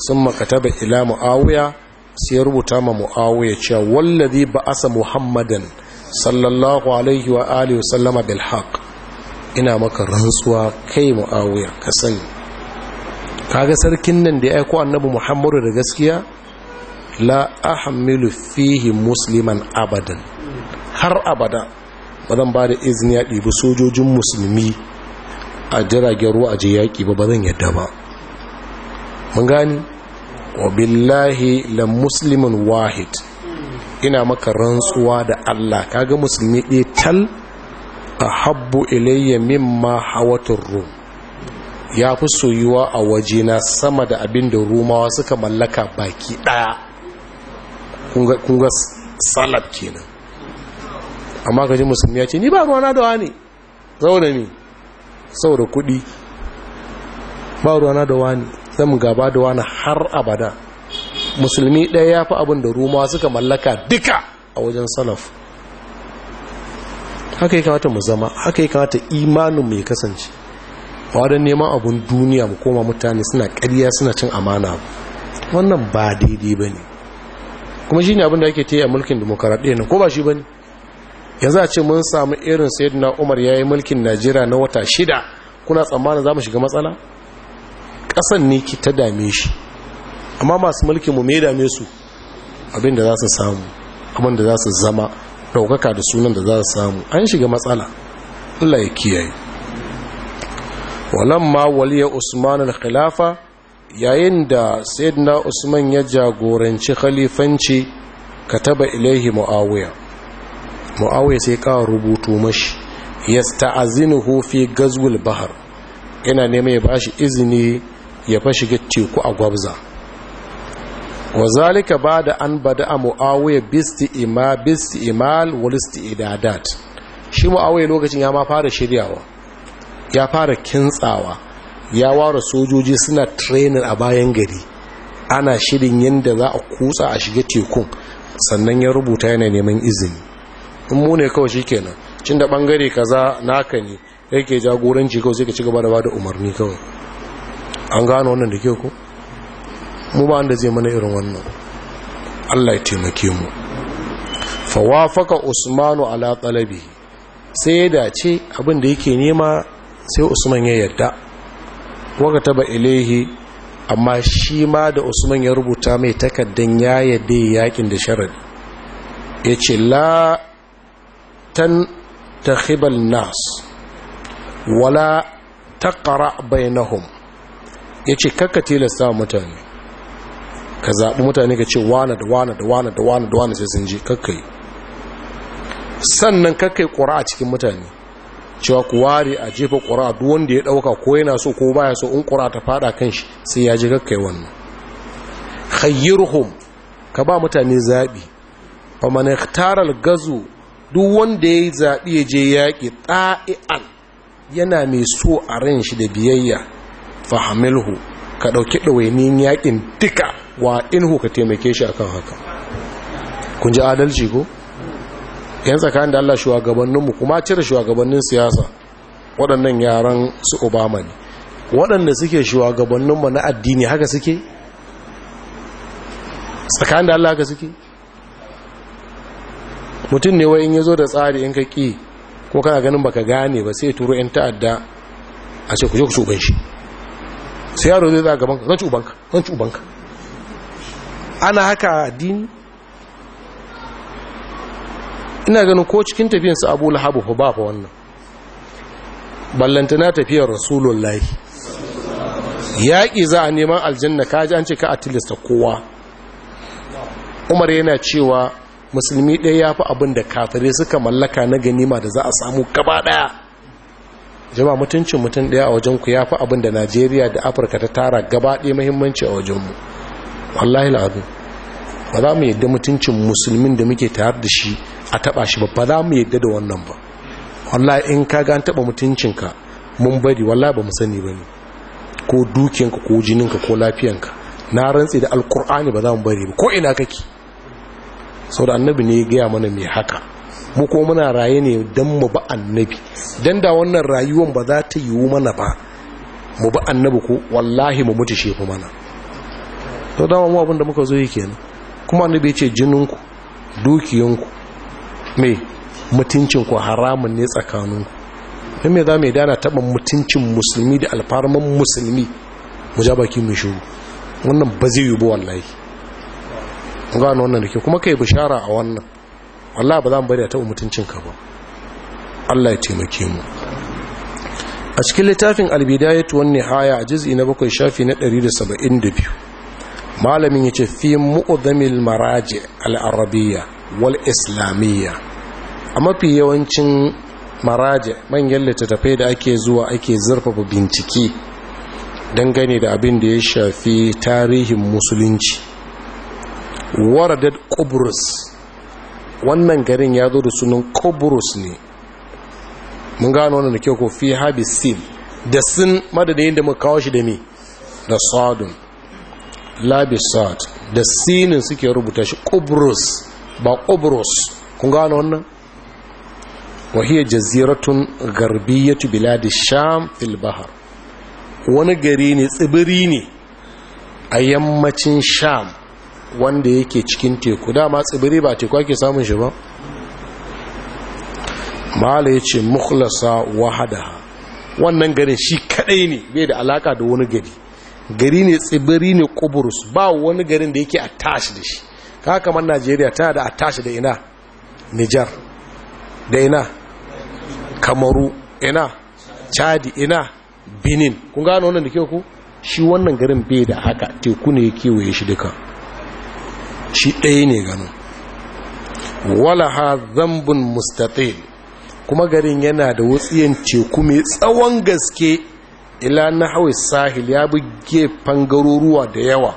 sun makataba ila mu'awuya sai ya rubuta ma mu'awuya cewa wallazi ba'asa muhammadan sallallahu alaihi wa alihi wasallama bil ina maka rantsuwa kai mu'awuya ka sani kaga sarkin nan da ya aiko annabi muhammadu da gaskiya la ahmilu fihi musliman abadan har abada ba zan ba da izini ya ɗibi sojojin musulmi a jiragen ruwa a je yaƙi ba ba zan yadda ba mun gani wa billahi la muslimin wahid ina maka rantsuwa da Allah kaga musulmi ɗaya tal a habbu ilayya mimma hawatun rum ya fi soyuwa a wajena sama da abin da rumawa suka mallaka baki ɗaya kunga salab kenan amma gaji musulmi ya ce ni ba na da ne zaune mi kuɗi ba na dawa ne zan gaba dawa na har abada musulmi ɗaya ya fi abin da ruma suka mallaka duka a wajen salaf haka yi kamata mu zama haka yi kamata imanin mai kasance wadda neman abin duniya mu koma mutane suna karya suna cin amana wannan ba daidai ba ne kuma shi ne abin da ake ta yi a mulkin demokaradiyya ko ba shi ba ne ya za ce mun samu irin sayyidina umar ya yi mulkin najeriya na wata shida kuna tsammanin za mu shiga matsala ƙasan ne ki ta dame shi amma masu mulkin mu mai dame su abin za su samu abin za su zama ɗaukaka da sunan da za su samu an shiga matsala allah ya kiyaye ma waliya usman al-khilafa yayin da sayyidina usman ya jagoranci khalifanci kataba ilaihi muawiya mu'awiya sai kawo rubutu mashi ya ta'azinuhu fi gazwul bahar yana neman ya bashi izini ya fa shiga teku a gwabza wa zalika bada an bada a mu'awiya bisti ima bisti imal wal istidadat shi mu'awiya lokacin ya ma fara shiryawa ya fara kintsawa ya ware sojoji suna trainer a bayan gari ana shirin yadda za a kutsa a shiga tekun sannan ya rubuta yana neman izini in mu ne kawai shikenan cin da bangare kaza naka ne yake jagoranci kawai sai ka ci gaba da bada umarni kawai an gano wannan da ke ku mu ba da zai mana irin wannan Allah ya taimake mu fawafaka usmanu ala talabi sai ya dace abin da yake nema sai usman ya yarda waka taba ilaihi amma shi ma da usman ya rubuta mai takaddan ya yadda yakin da sharadi ya ce la tan takhibal nas wala taqra bainahum yace kakka tilasta mutane ka zaɓi mutane ka ce wane da wane da wane da wane da wane sai sun je yi. sannan kakkai ƙura a cikin mutane cewa ku ware a jefa ƙura duk wanda ya ɗauka ko yana so ko baya so in ƙura ta faɗa kan shi sai ya ji kakkai wannan khayyiruhum ka ba mutane zaɓi fa man ikhtara al-gazu duk wanda ya zaɓi ya je yaƙi ɗa'i'an yana mai so a ran shi da biyayya fahamilhu ka ɗauki ɗawainin yaƙin duka wa inhu ka taimake shi akan haka kun ji adalci ko yan tsakanin da Allah shugabanninmu kuma cire shugabannin siyasa waɗannan yaran su obama ne waɗanda suke shugabanninmu na addini haka suke tsakanin da Allah haka suke mutum ne wayin ya zo da tsari in ka ƙi ko kana ganin baka gane ba sai turo in ta'adda a ce ku je ku uban shi sai yaro zai za gaban zan cubanka zan ka ana haka addini ina ganin ko cikin su abu lahabu fa ba fa wannan ballantana tafiyar rasulullahi yaƙi za a neman aljanna ji an ce ka a tilasta kowa umar yana cewa musulmi ɗaya ya fi abin da kafirai suka mallaka na ganima da za a samu gaba ɗaya jama mutuncin mutum ɗaya a wajenku ya fi abin da najeriya da afirka ta tara gaba ɗaya muhimmanci a wajenmu wallahi la'adu ba za mu yadda mutuncin musulmin da muke tayar da shi a taɓa shi ba ba za mu yadda da wannan ba wallahi in ka ga taba taɓa mutuncinka mun bari wallahi ba mu sani ba ne ko dukiyanka ko jininka ko lafiyanka na rantsi da alkur'ani ba za mu bari ba ko ina kake sau annabi ne ya gaya mana mai haka mu ko muna raye ne don mu ba annabi don da wannan rayuwan ba za ta yiwu mana ba mu ba annabi ko wallahi mu mutu shefu mana to dama mu abinda muka zo yi kenan kuma annabi ya ce jininku dukiyanku mai mutuncinku haramun ne tsakaninku don me za mu dana taɓa mutuncin musulmi da alfarman musulmi mu ja baki mai shuru wannan ba zai yiwu ba wallahi an gano wannan da ke kuma kai bishara a wannan Allah ba za mu bari a taɓa mutuncinka ba Allah ya taimake mu a cikin littafin albidayatu wani haya a juz'i na bakwai shafi na 172 malamin ya ce fi mu'dhamil maraji al-arabiyya wal islamiyya a mafi yawancin maraji manyan littattafai da ake zuwa ake zurfafa bincike dangane da abin da ya shafi tarihin musulunci Waradad kubrus wannan garin ya zo da sunan kubrus ne mun gano wannan da kyau ko fi habi sin da sin madadayin da muka kawo shi da me da sadun sad da sinin suke rubuta shi kubrus ba kubrus kun gano wannan wahiyar jaziratun garbiyyatu biladi sham fil bahar wani gari ne tsibiri ne a yammacin sham wanda yake cikin teku dama tsibiri ba teku ake samun shi ba mala ya ce mukhlasa wahadaha wannan garin shi kadai ne bai da alaka da wani gari gari ne tsibiri ne kuburus ba wani garin da yake attashi da shi ka kamar najeriya tana da attashi da ina nijar da ina kamaru ina chadi ina benin kun gano wannan da ke ku shi wannan garin bai da haka teku ne ya kewaye shi duka shi ɗaya ne ganin walaha zambun mustatil kuma garin yana da wutsiyan ceku mai tsawon gaske ila na hawa sahil ya bi gefen garuruwa da yawa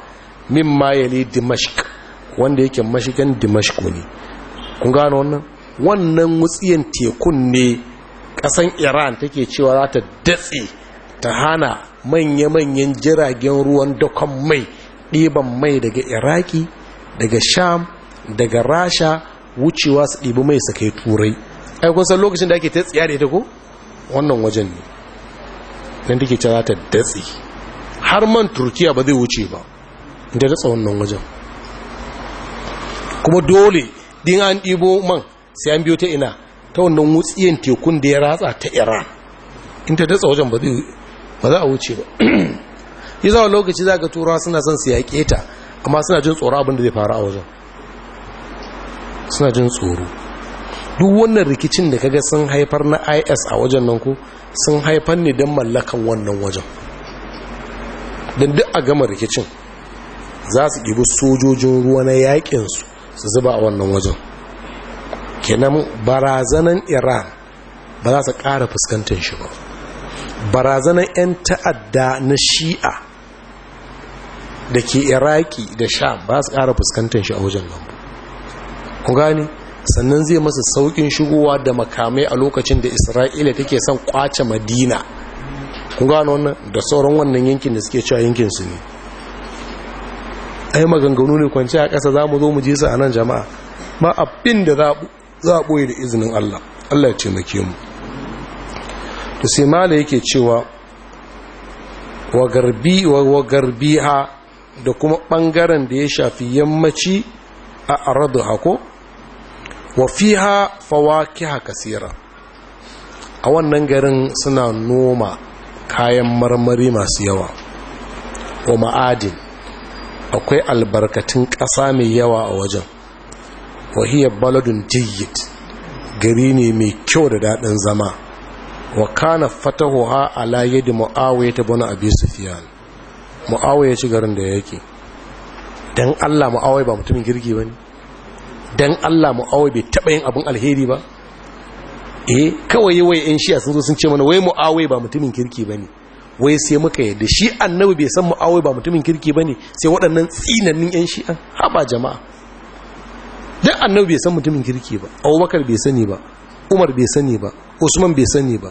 min mayali dimashq wanda yake mashigan dimashq ne kun gano wannan wannan wutsiyan tekun ne ƙasan iran take cewa za ta datse ta hana manya-manyan jiragen ruwan dakon mai ɗiban mai daga iraki daga sham daga rasha wucewa su ɗibi mai sa kai turai ai san lokacin da ake ta tsiya da ita ko wannan wajen ne nan take za ta datse har man turkiya ba zai wuce ba da datsa wannan wajen kuma dole din an ɗibo man sai an biyo ta ina ta wannan wutsiyan tekun da ya ratsa ta iran in ta datsa wajen ba za a wuce ba yi zawa lokaci za ka turawa suna son su yaƙe ta amma suna jin tsoro abin zai faru a wajen suna jin tsoro duk wannan rikicin da kaga sun haifar na is a wajen nan ko sun haifar ne don mallakan wannan wajen don duk a gama rikicin za su ɗibi sojojin ruwa na yaƙinsu su zuba a wannan wajen kenan barazanan iran ba za su ƙara fuskantar shi ba barazanan 'yan ta'adda na shi'a da ke iraki da sham ba su kara fuskantar shi a wajen nan ku gani sannan zai masa saukin shigowa da makamai a lokacin da isra'ila take son kwace madina ku gano wannan da sauran wannan yankin da suke cewa yankin su ne ai maganganu ne kwanci a ƙasa za mu zo mu je su a nan jama'a ma abin da za a ɓoye da izinin allah allah ya ce mu to sai mala yake cewa wa garbi wa garbiha da kuma ɓangaren da ya shafi yammaci a aradu hako wa fiha fawakiha kasira a wannan garin suna noma kayan marmari masu yawa wa ma'adin akwai albarkatun ƙasa mai yawa a wajen wa hiya baladun jayyid gari ne mai kyau da daɗin zama wa kana ha ala yadda ma'awai ta ibn abi sufyan mu'awai ya ci garin da yake don allah mu'awai ba mutumin girgi bane, don allah mu'awai bai taɓa yin abin alheri ba eh kawai yi wai 'yan shiya sun zo sun ce mana wai mu'awai ba mutumin kirki ba ne wai sai muka yadda shi annabi bai san mu'awai ba mutumin kirki ba ne sai waɗannan tsinannin 'yan shi'an haɓa jama'a don annabi bai san mutumin kirki ba abubakar bai sani ba umar bai sani ba usman bai sani ba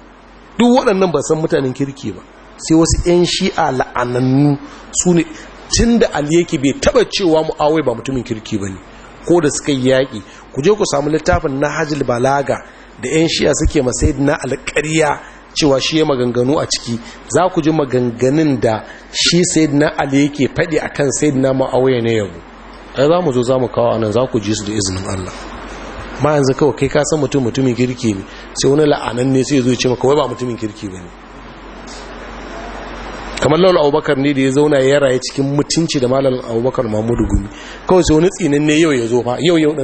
duk waɗannan ba san mutanen kirki ba sai wasu 'yan shi'a la'anannu su ne tun da aliyaki bai taba cewa mu'awai ba mutumin kirki ba ne ko da suka yi yaƙi ku je ku samu littafin na hajjil balaga da 'yan shi'a suke masai na alƙarya cewa shi ya maganganu a ciki za ku ji maganganun da shi sai na aliyaki faɗi a kan na ma'awai na yabo ai za mu zo za mu kawo anan za ku ji su da izinin allah ma yanzu kawai kai ka san mutum mutumin kirki ne sai wani la'anan ne sai zo ce maka wai ba mutumin kirki ba ne kamar laula abubakar ne da ya zauna ya raye cikin mutunci da malam abubakar mahmudu gumi kawai sai wani tsinin ne yau ya zo fa yau yau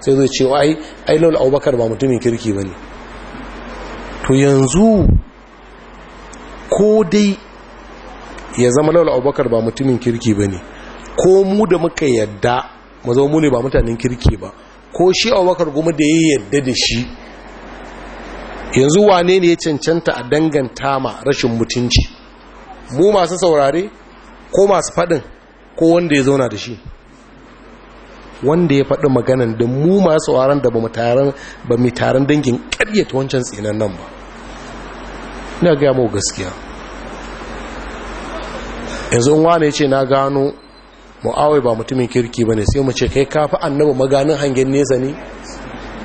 sai zai cewa ai ai laula abubakar ba mutumin kirki ba ne. to yanzu ko dai ya zama laula abubakar ba mutumin kirki bane ko mu da muka yadda mu zo mu ne ba mutanen kirki ba ko shi abubakar gumi da ya yadda da shi yanzu wane ne ya cancanta a danganta ma rashin mutunci mu masu saurare ko masu faɗin ko wanda ya zauna da shi wanda ya faɗi maganan da mu masu sauraron da ba mu taron dangin ƙaryata wancan tsinan nan ba ina gaya mu gaskiya yanzu wane ce na gano mu'awai ba mutumin kirki ba ne sai mu ce kai kafa annabi maganin hangen nesa ne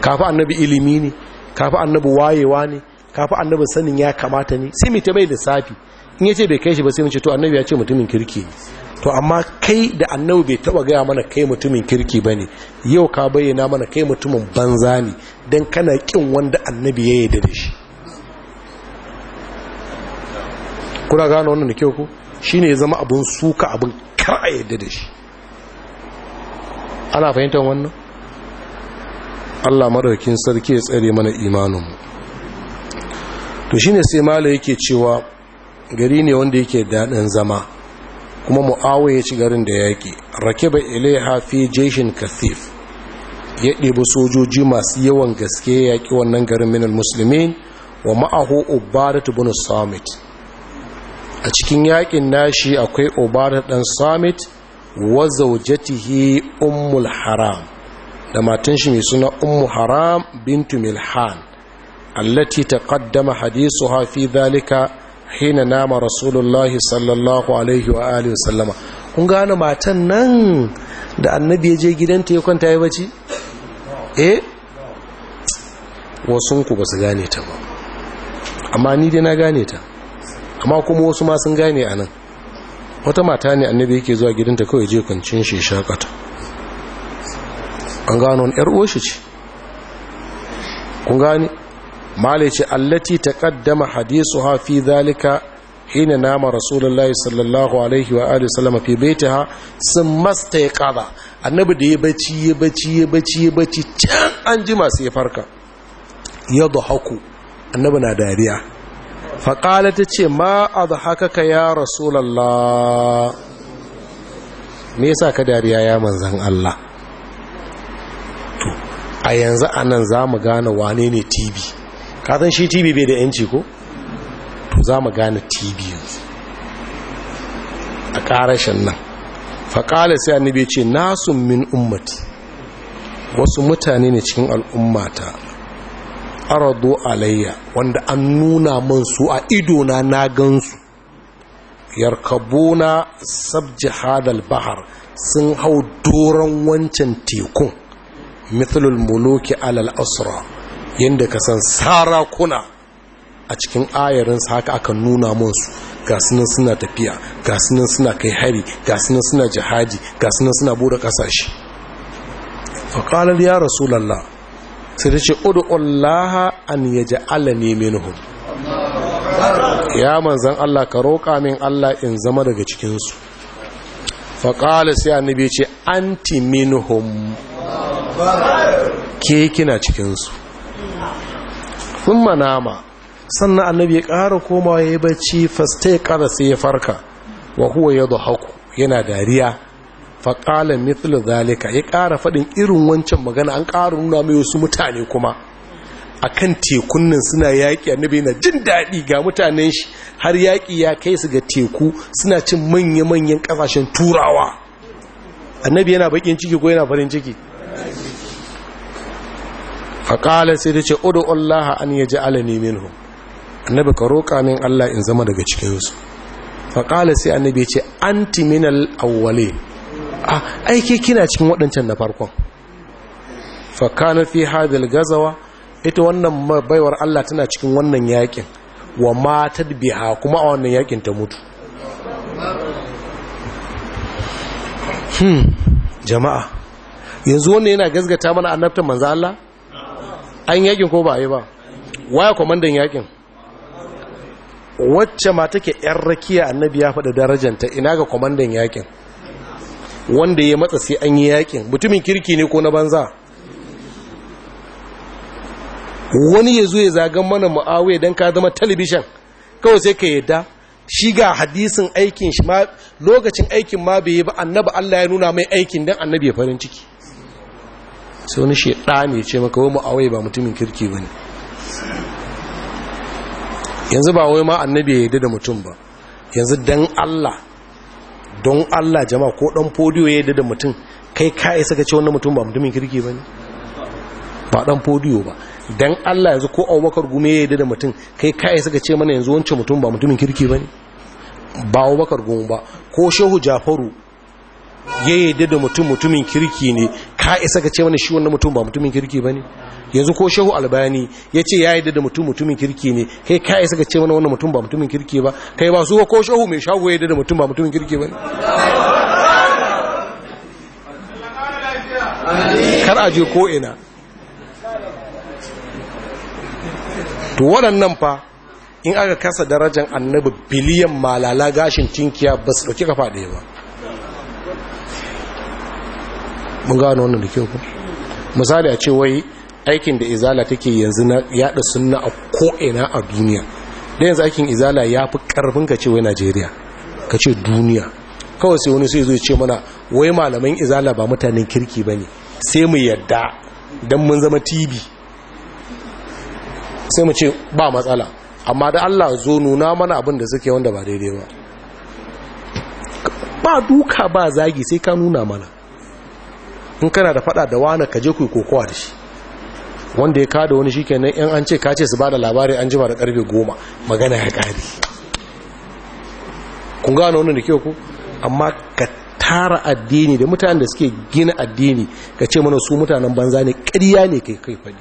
kafa annabi ilimi ne kafa annabi wayewa ne kafa annabi sanin ya kamata ne sai mu ta bai lissafi in yace bai kai shi ba sai mu ce to annabi ya ce mutumin kirki to amma kai da annabi bai taba gaya mana kai mutumin kirki ne. yau ka bayyana mana kai mutumin banza ne dan kana kin wanda annabi ya yarda da shi kuna gano wannan da kyau ku shine ya zama abun suka abun kar a yarda da shi ana fahimtar wannan Allah madaukin sarki ya tsare mana imanin mu to shine sai mala yake cewa gari ne wanda yake daɗin zama kuma mu'awai ya ci garin da yaƙi rakiba ilaiha fi jeshin kathif ya ɗebi sojoji masu yawan gaske yaƙi wannan garin minal musulmin wa ma'ahu ubadatu bin samit a cikin yaƙin nashi akwai ubadatu ɗan samit wa zaujatihi ummul haram da matan shi mai suna ummu haram bintu milhan allati taqaddama hadisu fi dhalika hina nama rasulullahi sallallahu alaihi wa alihi wasallama kun gane matan nan da annabi ya je gidanta ya kwanta ya bace eh wasu ku ba su gane ta ba amma ni dai na gane ta amma kuma wasu ma sun gane a nan wata mata ne annabi yake zuwa gidanta kawai je kwancin shi shakata an gano wani 'yar uwa shi ce kun gane malice allati ta kaddama hadisu ha fi zalika hina nama rasulullahi sallallahu alaihi wa alihi sallam fi baitiha sun masta ya kada annabi da ya bacci ya bacci ya bacci ya bacci can an jima sai ya farka ya dhahaku annabi na dariya fa qala ta ce ma adhakaka ya rasulullah me yasa ka dariya ya manzon Allah to a yanzu anan za mu gane wane ne tibi kasan shi tv bai da yanci ko to za mu gane tv yanzu a karashen nan faƙala sai annabi ce nasu min ummati wasu mutane ne cikin al'ummata arado alayya wanda an nuna man su a idona na gansu yarkabuna sabji hadal bahar sun hau doron wancan tekun mithlul muluki alal asra yadda ka san sarakuna a cikin ayarinsu haka aka nuna musu ga sunan suna tafiya ga sunan suna kai hari ga sunan suna jihadi ga sunan suna bude kasashe faƙalar ya rasulallah sai da ce udu'ullaha an Allah ne minhum ya manzan Allah ka roƙa min Allah in zama daga cikinsu faƙalar sai annabi ce anti minhum ke kina cikinsu sun manama sannan annabi ya ƙara koma ya yi bacci fasta ya ƙara sai ya farka wa huwa ya haku yana dariya faƙala mithlu zalika ya ƙara faɗin irin wancan magana an ƙara nuna mai wasu mutane kuma akan tekun nan suna yaƙi annabi yana jin daɗi ga mutanen shi har yaƙi ya kai su ga teku suna cin manya-manyan ƙasashen turawa annabi yana baƙin ciki ko yana farin ciki faƙala sai ta ce ƙudu Allah an ya ji alani minhu annabi ka roƙa min Allah in zama daga cikinsu faƙala sai annabi ce anti minal awwale a ah, aiki kina cikin waɗancan na farkon faƙana fi hadil gazawa ita wannan baiwar Allah tana cikin wannan yakin wa matar biha kuma a wannan yakin ta mutu hmm, jama'a yanzu wannan yana gazgata mana annabta manzo Allah an yakin ko ba a yi ba waya kwamandan yakin wacce ma take yan rakiya annabi ya faɗa darajanta ina ga kwamandan yakin wanda ya matsa sai an yi yakin mutumin kirki ne ko na banza wani ya zo ya zagan mana ma'awai don ka zama talibishin kawai sai ka yadda shi ga hadisin aikin shi ma lokacin aikin ma bai yi ba annaba Allah ya nuna mai aikin don annabi ya farin ciki sai wani ne ce maka wai ma'awai ba mutumin kirki ba ne yanzu ba wai ma annabi ya yi da mutum ba yanzu dan Allah don Allah jama'a ko ɗan fodiyo ya yi da mutum kai ka isa ka ce wannan mutum ba mutumin kirki ba ne ba ɗan fodiyo ba dan Allah yanzu ko bakar Gume ya yi da mutum kai ka isa ka ce mana yanzu wancan mutum ba mutumin kirki ba ne ba bakar Gume ba ko Shehu Jafaru ya yadda da mutum mutumin kirki ne ka isa ka ce wani shi wannan mutum ba mutumin kirki ba ne yanzu ko shehu albani ya ce ya yadda da mutum mutumin kirki ne kai ka isa ka ce wani wannan mutum ba mutumin kirki ba kai ba su ko shehu mai shago ya yadda da mutum ba mutumin kirki ba ne kar a je ko ina to waɗannan fa in aka kasa darajar annabi biliyan malala gashin tinkiya ba su ɗauki kafa ɗaya ba mun gano wannan da kyau ku misali a ce wai aikin da izala take yanzu na yada sunna a ko'ina a duniya da yanzu aikin izala ya fi karfin ka ce wai najeriya ka ce duniya kawai sai wani sai zai ce mana wai malaman izala ba mutanen kirki ba ne sai mu yadda don mun zama TV sai mu ce ba matsala amma da allah zo nuna mana abin da suke wanda ba daidai ba ba duka ba zagi sai ka nuna mana in kana da fada da wani ka je ku kokowa da shi wanda ya kada wani shi kenan in an ce ka ce su ba da labari an jima da karfe goma magana ya kare kun gano wannan da kyau ku amma ka tara addini da mutanen da suke gina addini ka ce mana su mutanen banza ne ƙarya ne kai kai fani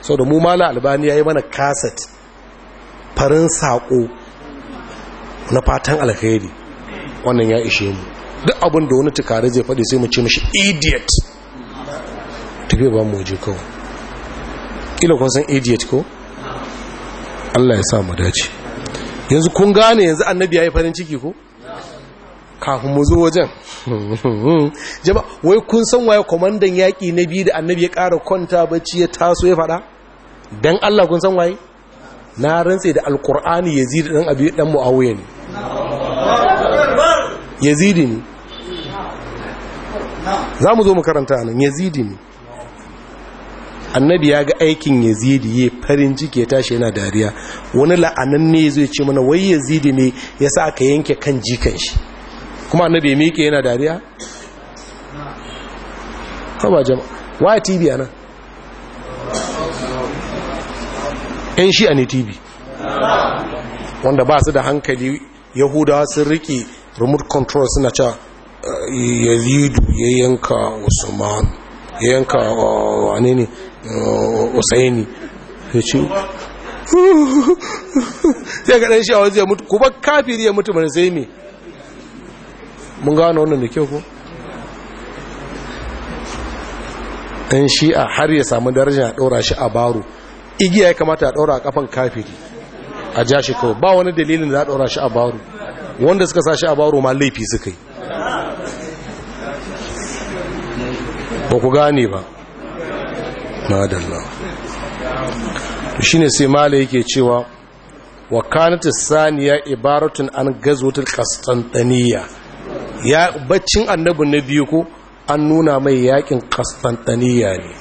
sau da mu mala albani ya yi mana kaset farin saƙo na fatan alkhairi wannan ya ishe mu duk abin da wani tukare zai faɗi sai mu ce mashi idiot tafiya ba mu waje kawai ila kun san idiot ko Allah ya sa mu dace yanzu kun gane yanzu annabi yayi farin ciki ko kafin mu zo wajen jama wai kun san waye komandan yaƙi na biyu da annabi ya ƙara kwanta bacci ya taso ya faɗa dan Allah kun san waye na rantse da alkur'ani yazid dan abi dan muawiya ne yazidi ne za mu zo mu karanta nan yazidi ne annabi ya ga aikin yazidi ya farin ciki ya tashi yana dariya wani la'anan ne zai ce mana wai yazidi ne ya sa aka yanke kan jikan shi kuma annabi ya miƙe yana dariya haba jama'a waya tv ana yan shi a ne tv wanda ba su da hankali yahudawa sun riƙe remote control suna cewa yazidu ya yanka usman ya yanka wane ne uh, usaini ya ce ya ga ɗan shi a mutu kuma kafiri ya mutu mana sai ne mun gano wannan da kyau ko ɗan shi a har ya samu daraja a ɗora shi a baro igiya ya kamata a ɗora a ƙafan kafiri a ja shi kawai ba wani dalilin da a ɗora shi a baro wanda suka sa shi a baro ma laifi suka yi ba ku gane ba madalla shi ne sai mala yake cewa wa kanata saniya ibaratun an gazotar kastantaniya ya baccin annabi na biyu ko an nuna mai yakin kastantaniya ne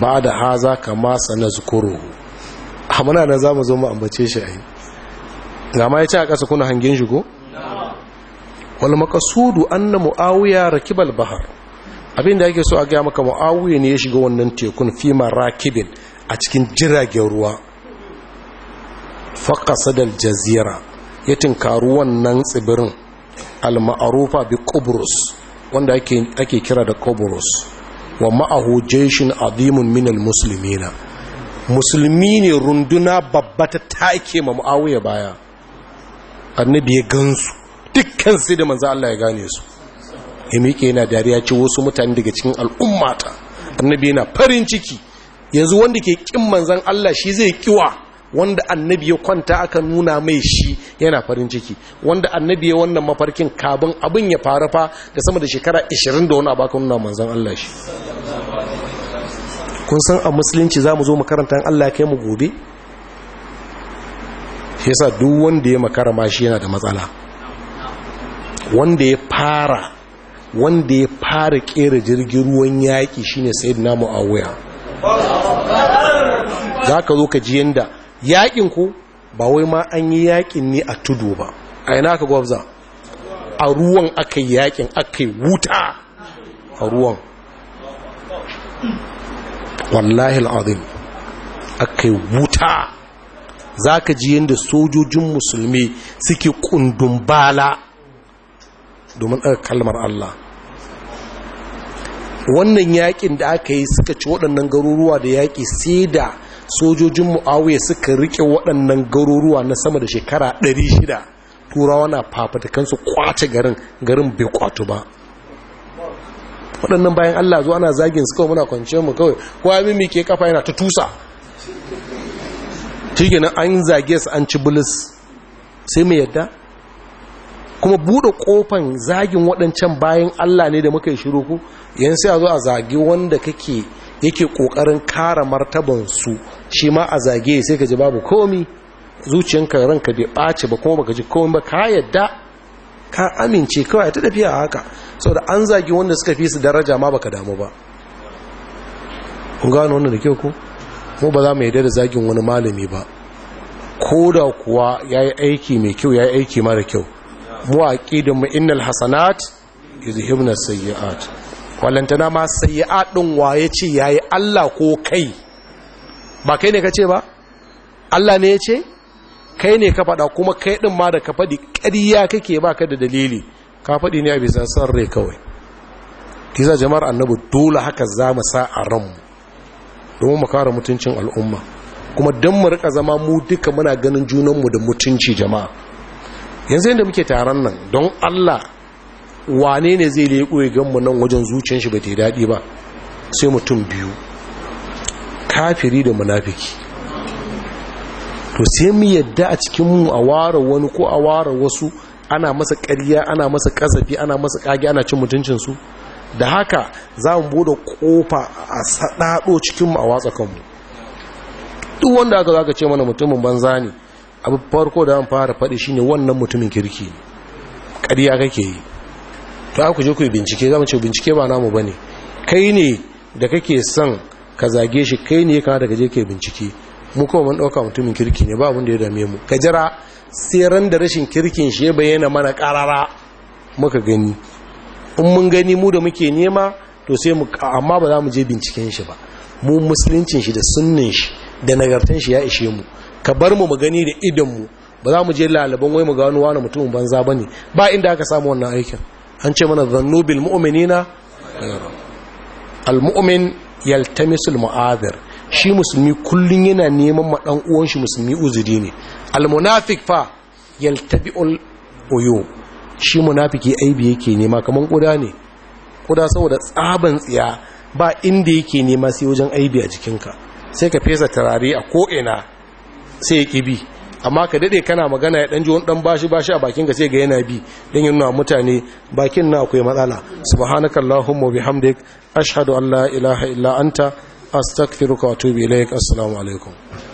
ba da haza kama sanazkuru amma ah, na za zo mu ambace shi a ga mai ya ce ƙasa kuna hangen shi ko? wal maqsudu anna muawiya rakibal bahar abinda da yake so a ga maka muawiya ne ya shiga wannan tekun fi marakibin a cikin jiragen ruwa faqasada Sadal jazira ya tinkaru wannan tsibirin al ma'rufa bi qubrus wanda ake ake kira da qubrus wa ma'ahu jayshin adimun min al musulmi ne runduna babba ta take ma muawiya baya annabi ya gansu dukkan sai da manzo Allah ya gane su ya miƙe yana dariya ce wasu mutane daga cikin al'ummata annabi yana farin ciki yanzu wanda ke kin manzon Allah shi zai kiwa wanda annabi ya kwanta aka nuna mai shi yana farin ciki wanda annabi ya wannan mafarkin kabin abin ya fara fa da sama da shekara 20 da wani a baka nuna manzon Allah shi kun san a musulunci za mu zo makarantar Allah kai mu gobe shi yasa duk wanda ya makara ma shi yana da matsala wanda ya fara wanda ya fara kera jirgin ruwan yaƙi shine sayyidina muawiya zaka zo ka ji yanda yaƙin ku ba wai ma an yi yaƙin ne a tudu ba a yana ka gwabza a ruwan aka yi yaƙin aka yi wuta a ruwan wallahi al'adun aka yi wuta za ka ji yadda sojojin musulmi suke kundun bala domin ɗaga kalmar Allah wannan yakin da aka yi suka ci waɗannan garuruwa da yaƙi sai da sojojin mu'awiyar suka riƙe waɗannan garuruwa na sama da shekara 600 turawa na fafatakansu kwace garin garin bai kwato ba waɗannan bayan Allah zuwa ana zagin suka muna kwance mu kawai kowa yi ke kafa yana ta tusa shi an zage su an ci bulis sai mu yadda kuma buɗe kofan zagin waɗancan bayan Allah ne da muka yi shiru ku yan sai a zo a zagi wanda kake yake kokarin kara martabansu shi ma a zage sai ka ji babu komi zuciyanka ranka bai ɓace ba kuma baka ji komi ba ka yadda ka amince kawai ta tafiya haka saboda an zagi wanda suka fi su daraja ma baka damu ba kun gano wannan da kyau ko mu ba za mu yarda da zagin wani malami ba ko da kuwa ya yi aiki mai kyau ya yi aiki mara kyau mu aqidu mu innal hasanat yuzhibna sayyi'at wallantana ma sayyi'at din waye ce yayi Allah ko kai ba kai ne ka ce ba Allah ne yace kai ne ka faɗa kuma kai din ma da ka faɗi ƙarya kake ka da dalili ka faɗi ne a bisa san rai kawai Kisa jama'ar annabi dole haka za mu sa a ran mu domin mu kare mutuncin al'umma kuma don mu rika zama mu duka muna ganin junan mu da mutunci jama'a yanzu yadda muke taron nan don allah wane ne zai leƙo ya ganmu nan wajen zuciyar shi ba ta daɗi ba sai mutum biyu kafiri da munafiki to sai mu yadda a cikinmu a ware wani ko a ware wasu ana masa ƙarya ana masa kasafi, ana masa kage, ana cin mutuncinsu da haka za mu bude ƙofa a saɗaɗo cikinmu a watsa kanmu duk wanda aka zaka ce mana mutumin banza ne abu farko da an fara faɗi shine wannan mutumin kirki ƙariya kake yi to aka je ku bincike zama ce bincike ba namu ba ne. kai ne da kake son ka zage shi kai ne kana da je ke bincike mu kuma mun ɗauka mutumin kirki ne ba abin da ya dame mu ka jira sai ran da rashin kirkin shi ya bayyana mana karara muka gani in mun gani mu da muke nema to sai mu amma ba za mu je binciken shi ba mu musuluncin shi da sunnin shi da nagartan shi ya ishe mu ka bar mu mu gani da idonmu ba za mu je lalaban wai mu ga wani wani mutumin banza ba ne ba inda aka samu wannan aikin an ce mana zannu bil mu'minina al-mu'min yaltamisul mu'adhir shi musulmi kullun yana neman ma dan uwan shi musulmi uzuri ne al-munafiq fa yaltabi'ul uyu shi munafiki aibi yake nema kaman kuda ne kuda saboda tsaban tsiya ba inda yake nema sai wajen aibi a jikinka sai ka fesa turare a ko'ina. sai ya ƙi bi amma ka daɗe kana magana ya ɗanji wani ɗan bashi bashi a bakin ka sai ga yana bi don yin nuna mutane bakin na akwai matsala subhanaka allahumma bihamdik ashhadu an la ilaha illa anta astaghfiruka wa atubu ilaik assalamu alaikum